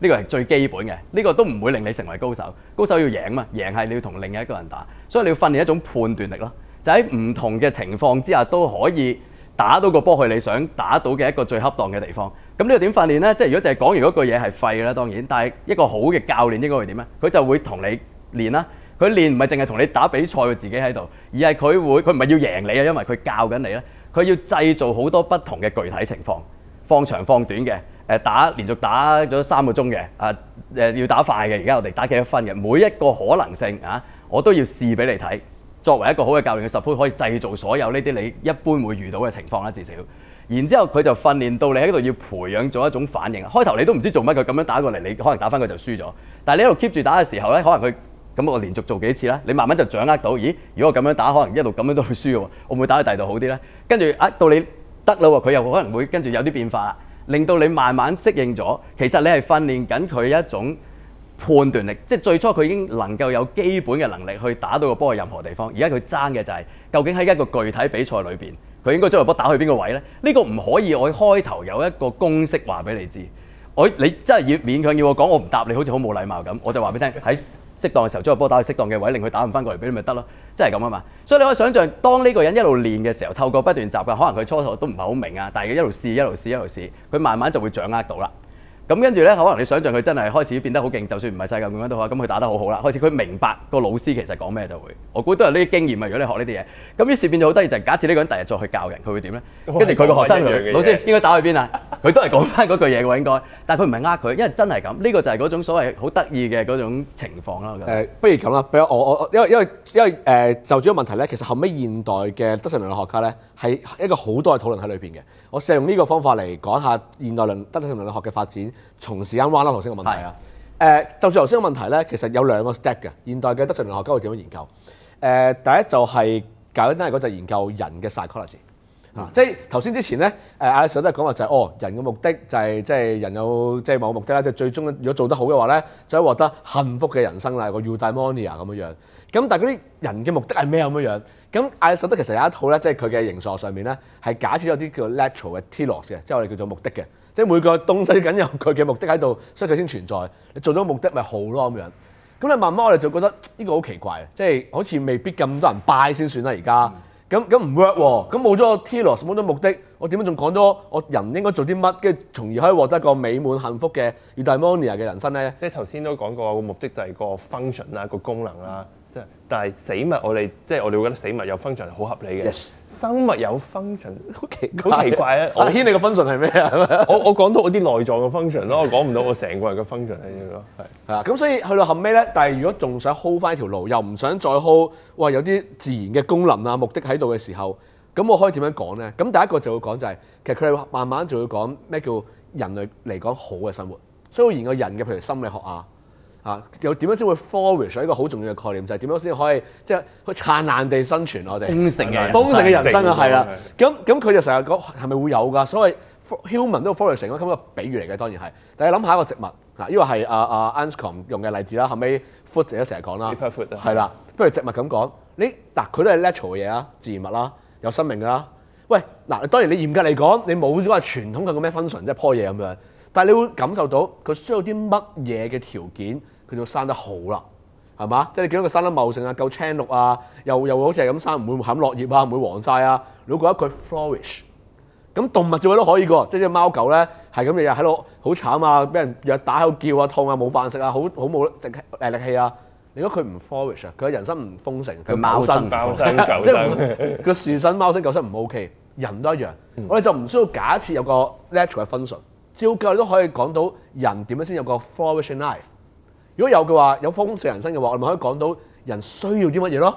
呢個係最基本嘅。呢、呢個都唔會令你成為高手。高手要贏嘛，贏係你要同另一個人打，所以你要訓練一種判斷力咯。就喺唔同嘅情況之下都可以打到個波去你想打到嘅一個最恰當嘅地方。咁呢個點訓練呢？即係如果淨係講完嗰句嘢係廢啦，當然。但係一個好嘅教練應該會點呢？佢就會同你練啦。佢練唔係淨係同你打比賽，佢自己喺度，而係佢會佢唔係要贏你啊，因為佢教緊你呀。佢要製造好多不同嘅具體情況，放長放短嘅。誒，打連續打咗三個鐘嘅啊，誒要打快嘅，而家我哋打幾多分嘅？每一個可能性啊，我都要試俾你睇。作為一個好嘅教練嘅 suppose 可以製造所有呢啲你一般會遇到嘅情況啦，至少。然之後佢就訓練到你喺度要培養咗一種反應。開頭你都唔知做乜，佢咁樣打過嚟，你可能打翻佢就輸咗。但係你一路 keep 住打嘅時候咧，可能佢咁我連續做幾次啦，你慢慢就掌握到。咦？如果我咁樣打，可能一路咁樣都會輸喎。我唔會打去第二度好啲咧？跟住啊，到你得啦喎，佢又可能會跟住有啲變化，令到你慢慢適應咗。其實你係訓練緊佢一種判斷力，即係最初佢已經能夠有基本嘅能力去打到個波去任何地方。而家佢爭嘅就係究竟喺一個具體比賽裏邊，佢應該將個波打去邊個位呢？呢、呢個唔可以，我開頭有一個公式話俾你知。我你真係要勉強要我講，我唔答你好似好冇禮貌咁，我就話俾你聽，喺適當嘅時候將個波打去適當嘅位，令佢打唔翻過嚟俾你咪得咯。真係咁啊嘛。所以你可以想象，當呢個人一路練嘅時候，透過不斷習慣，可能佢初初都唔係好明啊，但係佢一路試一路試一路試，佢慢慢就會掌握到啦。咁跟住咧，可能你想象佢真係開始變得好勁，就算唔係世界冠軍都好，咁佢打得好好啦。開始佢明白個老師其實講咩就會，我估都係呢啲經驗啊。如果你學呢啲嘢，咁於是變咗好得意就係、是，假設呢個人第日再去教人，佢會點咧？跟住佢個學生老師應該打去邊啊？佢都係講翻嗰句嘢嘅應該。但係佢唔係呃佢，因為真係咁。呢、這個就係嗰種所謂好得意嘅嗰種情況啦。誒、呃，不如咁啦，俾我我，我，我因為因為因為誒就主個問題咧，其實後尾現代嘅德性倫理學家咧係一個好多嘅討論喺裏邊嘅。我試用呢個方法嚟講下現代倫德性倫理學嘅發展。從時間彎啦，頭先個問題啊，誒，就算頭先個問題咧，其實有兩個 step 嘅。現代嘅德性論學家會點樣研究？誒，第一就係搞緊，即係嗰就研究人嘅 psychology 啊，即係頭先之前咧，誒，阿里士多德係講話就係哦，人嘅目的就係即係人有即係某個目的啦，即係最終如果做得好嘅話咧，就可以獲得幸福嘅人生啦，個 eudaimonia 咁樣樣。咁但係嗰啲人嘅目的係咩咁樣樣？咁阿里士多德其實有一套咧，即係佢嘅形塑上面咧，係假設有啲叫 natural 嘅 telos 嘅，即係我哋叫做目的嘅。即係每個東西緊有佢嘅目的喺度，所以佢先存在。你做到目的咪好咯咁樣。咁你慢慢我哋就覺得呢個好奇怪，即係好似未必咁多人拜先算啦。而家咁咁唔 work 喎，咁冇咗個 tilos，冇咗目的，我點樣仲講咗我人應該做啲乜，跟住從而可以獲得一個美滿幸福嘅 eudaimonia 嘅人生咧？即係頭先都講過個目的就係個 function 啦，個功能啦。那個即係但係死物我哋即係我哋會覺得死物有 function 係好合理嘅。Yes. 生物有 function 好奇好奇怪啊！阿軒你個 function 係咩啊？我 我講到我啲內臟嘅 function 咯，我講唔到我成個人嘅 function 係咯？係係啊，咁所以去到後尾咧，但係如果仲想 hold 翻條路，又唔想再 hold，哇有啲自然嘅功能啊目的喺度嘅時候，咁我可以點樣講咧？咁第一個就會講就係、係，其實佢哋慢慢就會講咩叫人類嚟講好嘅生活，雖然個人嘅譬如心理學啊。啊，又點樣先會 flourish 一個好重要嘅概念就係點樣先可以即係、就是、燦爛地生存我們？我哋豐盛嘅豐盛嘅人生啊，係啦。咁咁佢就成日講係咪會有㗎？所謂 human 都 flourishing 咁個比喻嚟嘅當然係。但係諗下一個植物，嗱呢個係阿阿 Anscombe 用嘅例子啦。後尾 Foot 姐都成日講啦，係啦。不如植物咁講，你嗱佢都係 natural 嘢啊，自然物啦，有生命啦。喂，嗱當然你嚴格嚟講，你冇嗰個傳統嘅個咩 function，即係棵嘢咁樣。但你會感受到佢需要啲乜嘢嘅條件，佢就生得好啦，係嘛？即係你見到佢生得茂盛啊，夠青綠啊，又又會好似係咁生，唔會冚落葉啊，唔會黃晒啊，你會覺得佢 flourish？咁動物做嘢都可以噶，即係隻貓狗咧，係咁日日喺度好慘啊，俾人虐打、喺度叫啊、痛啊、冇飯食啊，好好冇力氣、誒力氣啊！如果佢唔 flourish 啊，佢人生唔豐盛，佢貓身，貓身貓身貓身 即係佢樹身貓身、狗身唔 ok，人都一樣，嗯、我哋就唔需要假設有個 natural function。照計都可以講到人點樣先有個 flourishing life。如果有嘅話，有豐盛人生嘅話，我咪可以講到人需要啲乜嘢咯，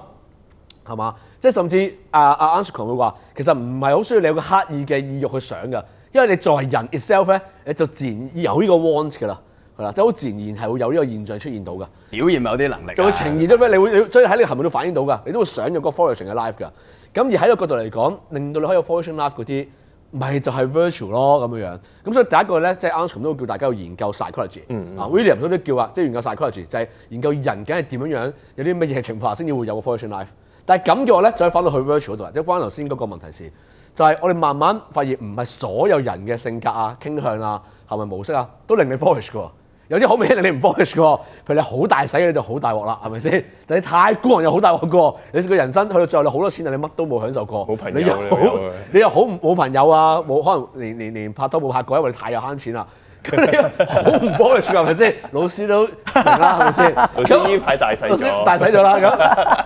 係嘛？即係甚至啊啊 Anscombe 會話，其實唔係好需要你有個刻意嘅意欲去想嘅，因為你作為人 itself 咧，你就自然有呢個 want 㗎啦，係啦，即係好自然而然係會有呢個現象出現到㗎。表現咪有啲能力的，做呈現咗咩？你會所以在你即係喺你行為都反映到㗎，你都會想有個 flourishing life 㗎。咁而喺個角度嚟講，令到你可以有 flourishing life 嗰啲。咪就係、是、virtue 咯咁樣樣，咁所以第一個咧，即係 Anscombe 都叫大家去研究 psychology，啊、mm-hmm. William 都都叫啊，即係研究 psychology，就係研究人梗係點樣樣，有啲乜嘢情況下先至會有個 flourishing life。但係咁嘅話咧，就係翻到去 virtue 度度，即係翻頭先嗰個問題是，就係、是、我哋慢慢發現，唔係所有人嘅性格啊、傾向啊、行為模式啊，都令你 flourish 㗎。有啲好明顯你唔 flourish 嘅，譬如你好大使，你就好大鑊啦，係咪先？但你太孤寒又好大鑊個，你個人生去到最後你好多錢但你乜都冇享受過，你又好你又好唔冇朋友啊，冇可能連連連拍拖冇拍過，因為你太有慳錢啦，佢哋好唔 flourish 㗎，係咪先？老師都明啦，係咪先？老師呢排大洗大使咗啦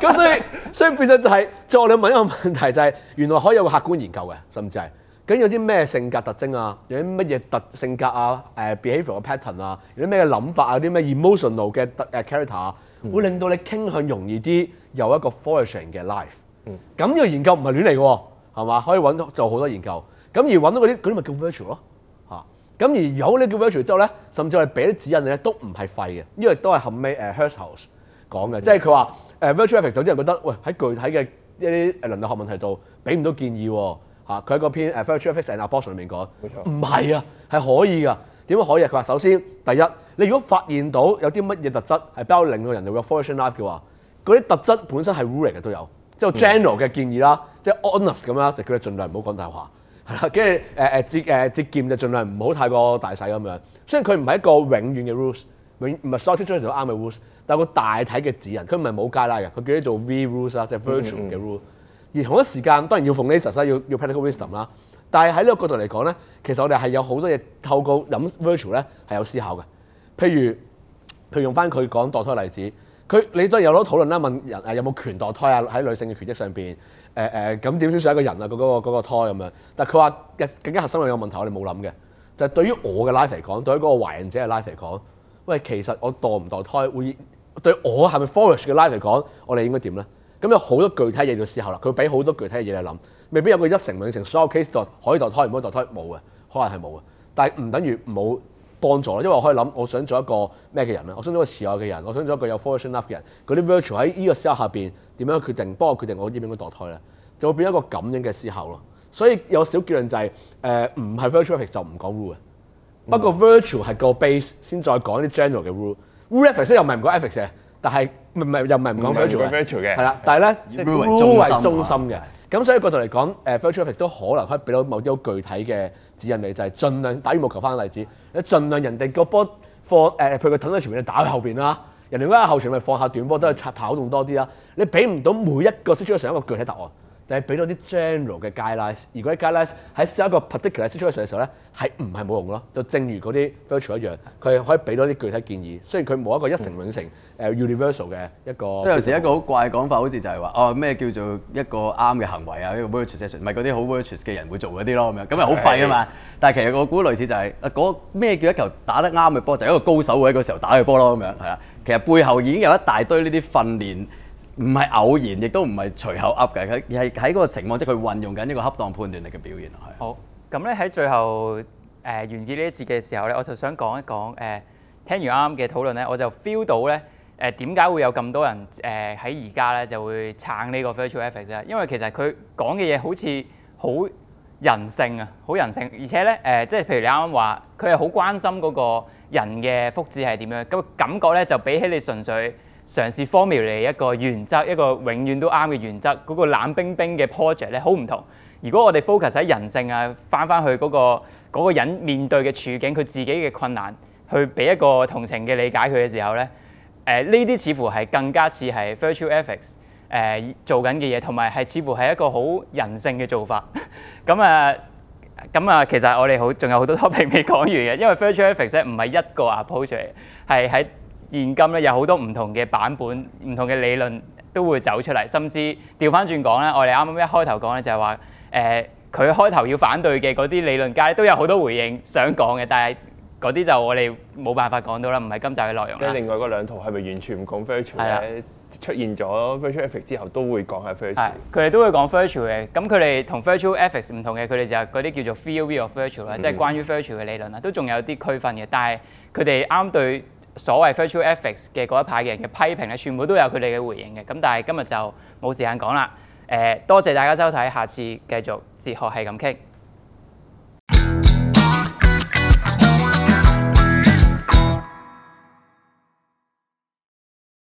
咁，咁所以所以其實就係，所以我、就是、問一個問題就係、是，原來可以有個客觀研究嘅，甚至係。咁有啲咩性格特徵啊？有啲乜嘢特性格啊？誒 behavioral pattern 啊？有啲咩諗法啊？啲咩 emotional 嘅特 character 啊？會令到你傾向容易啲有一個 flourishing 嘅 life。咁、嗯、呢個研究唔係亂嚟嘅，係嘛？可以揾到做好多研究。咁而揾到嗰啲啲咪叫 virtue 咯嚇。咁、啊啊、而有你叫 virtue 之後咧，甚至我哋俾啲指引你咧都唔係廢嘅。呢個都係後尾誒 Hursthouse 講嘅、嗯，即係佢話誒 virtue ethics 有啲人覺得喂喺具體嘅一啲倫理學問題度俾唔到建議喎。嚇，佢喺個篇《Virtue Theory and Abortion》入面講，唔係啊，係可以噶。點解可以啊？佢話首先第一，你如果發現到有啲乜嘢特質係比較令到人哋有 fortune life 嘅話，嗰啲特質本身係 ruling 嘅都有。之後 general 嘅建議啦，即、嗯、係 honest 咁樣，就叫你盡量唔好講大話。係、嗯、啦，跟住誒誒節誒節儉就盡量唔好太過大洗咁樣。雖然佢唔係一個永遠嘅 rules，永唔係 something 啱嘅 rules，但係個大體嘅指引，佢唔係冇 guideline 嘅，佢叫做 v rules 啦，即係 virtual 嘅 rule。而同一時間，當然要 phronesis 啦，要要 practical wisdom 啦。但係喺呢個角度嚟講咧，其實我哋係有好多嘢透過諗 virtue 咧係有思考嘅。譬如，譬如用翻佢講墮胎例子，佢你都有好多討論啦，問人誒有冇權墮胎啊？喺女性嘅權益上邊誒誒咁點先算係一個人啊？佢嗰個嗰個胎咁樣。但係佢話更加核心嘅有一個問題，我哋冇諗嘅，就係對於我嘅 life 嚟講，對於嗰個懷孕者嘅 life 嚟講，喂，其實我墮唔墮胎會對我係咪 flourish 嘅 life 嚟講，我哋應該點咧？咁有好多具體嘢要思考啦，佢會俾好多具體嘅嘢你諗，未必有一個一成兩成所有 case 代可以墮胎，唔可以墮胎冇嘅，可能係冇嘅。但係唔等於冇幫助，因為我可以諗，我想做一個咩嘅人咧？我想做一個慈愛嘅人，我想做一個有 fortune love 嘅人。嗰啲 virtue 喺呢個思考下面點樣決定，幫我決定我應唔應該墮胎咧？就會變一個咁樣嘅思考咯。所以有小結論就係誒，唔係 virtue ethics 就唔講 rule。不過 virtue 係個 base，先再講啲 general 嘅 rule。rule ethics 又唔係唔講 ethics 嘅。但係唔又唔係唔講 virtue 嘅，係啦，但係咧 rule 為中心嘅，咁所以角度嚟講，誒 virtue ethics 都可能可以俾到某啲好具體嘅指引你，就係、是、盡量打羽毛球翻個例子，你儘量人哋個波放誒，譬如佢揼喺前面，你打喺後邊啦，人哋嗰下後場咪放下短波都去插跑動多啲啦，你俾唔到每一個 situation 上一個具體答案。定係俾多啲 general 嘅 guidelines。而嗰啲 guidelines 喺一個 particular situation 嘅時候咧，係唔係冇用咯？就正如嗰啲 virtual 一樣，佢可以俾多啲具體建議。雖然佢冇一個一成永成、嗯、universal 嘅一個。有時一個好怪嘅講法，好似就係話哦，咩、啊、叫做一個啱嘅行為啊？Virtual session 咪嗰啲好 virtuous 嘅人會做嗰啲咯，咁樣咁又好廢啊嘛。但係其實我估類似就係嗰咩叫一球打得啱嘅波就係、是、一個高手喺嗰時候打嘅波咯咁樣係啦。其實背後已經有一大堆呢啲訓練。唔係偶然，亦都唔係隨口噏嘅，佢而係喺嗰個情況，即係佢運用緊一個恰當判斷力嘅表現咯。係。好，咁咧喺最後誒、呃、完結呢一節嘅時候咧，我就想講一講誒、呃、聽完啱啱嘅討論咧，我就 feel 到咧誒點解會有咁多人誒喺而家咧就會撐呢個 virtue ethics 咧，因為其實佢講嘅嘢好似好人性啊，好人性，而且咧誒、呃、即係譬如你啱啱話，佢係好關心嗰個人嘅福祉係點樣，咁感覺咧就比起你純粹。嘗試 Formulate 一個原則，一個永遠都啱嘅原則。嗰個冷冰冰嘅 project 咧好唔同。如果我哋 focus 喺人性啊，翻翻去嗰個嗰個人面對嘅處境，佢自己嘅困難，去俾一個同情嘅理解佢嘅時候咧，呃、呢啲似乎係更加似係 virtue ethics、呃、做緊嘅嘢，同埋係似乎係一個好人性嘅做法。咁 啊咁啊，其實我哋好仲有好多都 topic 未講完嘅，因為 virtue ethics 唔係一個 approach 嚟嘅，係喺。現今咧有好多唔同嘅版本、唔同嘅理論都會走出嚟，甚至掉返轉講咧，我哋啱啱一開頭講咧就係話，佢、呃、開頭要反對嘅嗰啲理論家都有好多回應想講嘅，但係嗰啲就我哋冇辦法講到啦，唔係今集嘅內容啦。另外嗰兩套係咪完全唔講 virtue？出現咗 virtue ethics 之後，都會講下 virtue。係佢哋都會講 virtue 嘅，咁佢哋同 virtue ethics 唔同嘅，佢哋就係嗰啲叫做 theory of virtue 啦、嗯，即係關於 virtue 嘅理論啦，都仲有啲區分嘅。但係佢哋啱對。所謂 virtue ethics 嘅嗰一派嘅人嘅批評咧，全部都有佢哋嘅回應嘅。咁但係今日就冇時間講啦。誒，多謝大家收睇，下次繼續哲學係咁傾。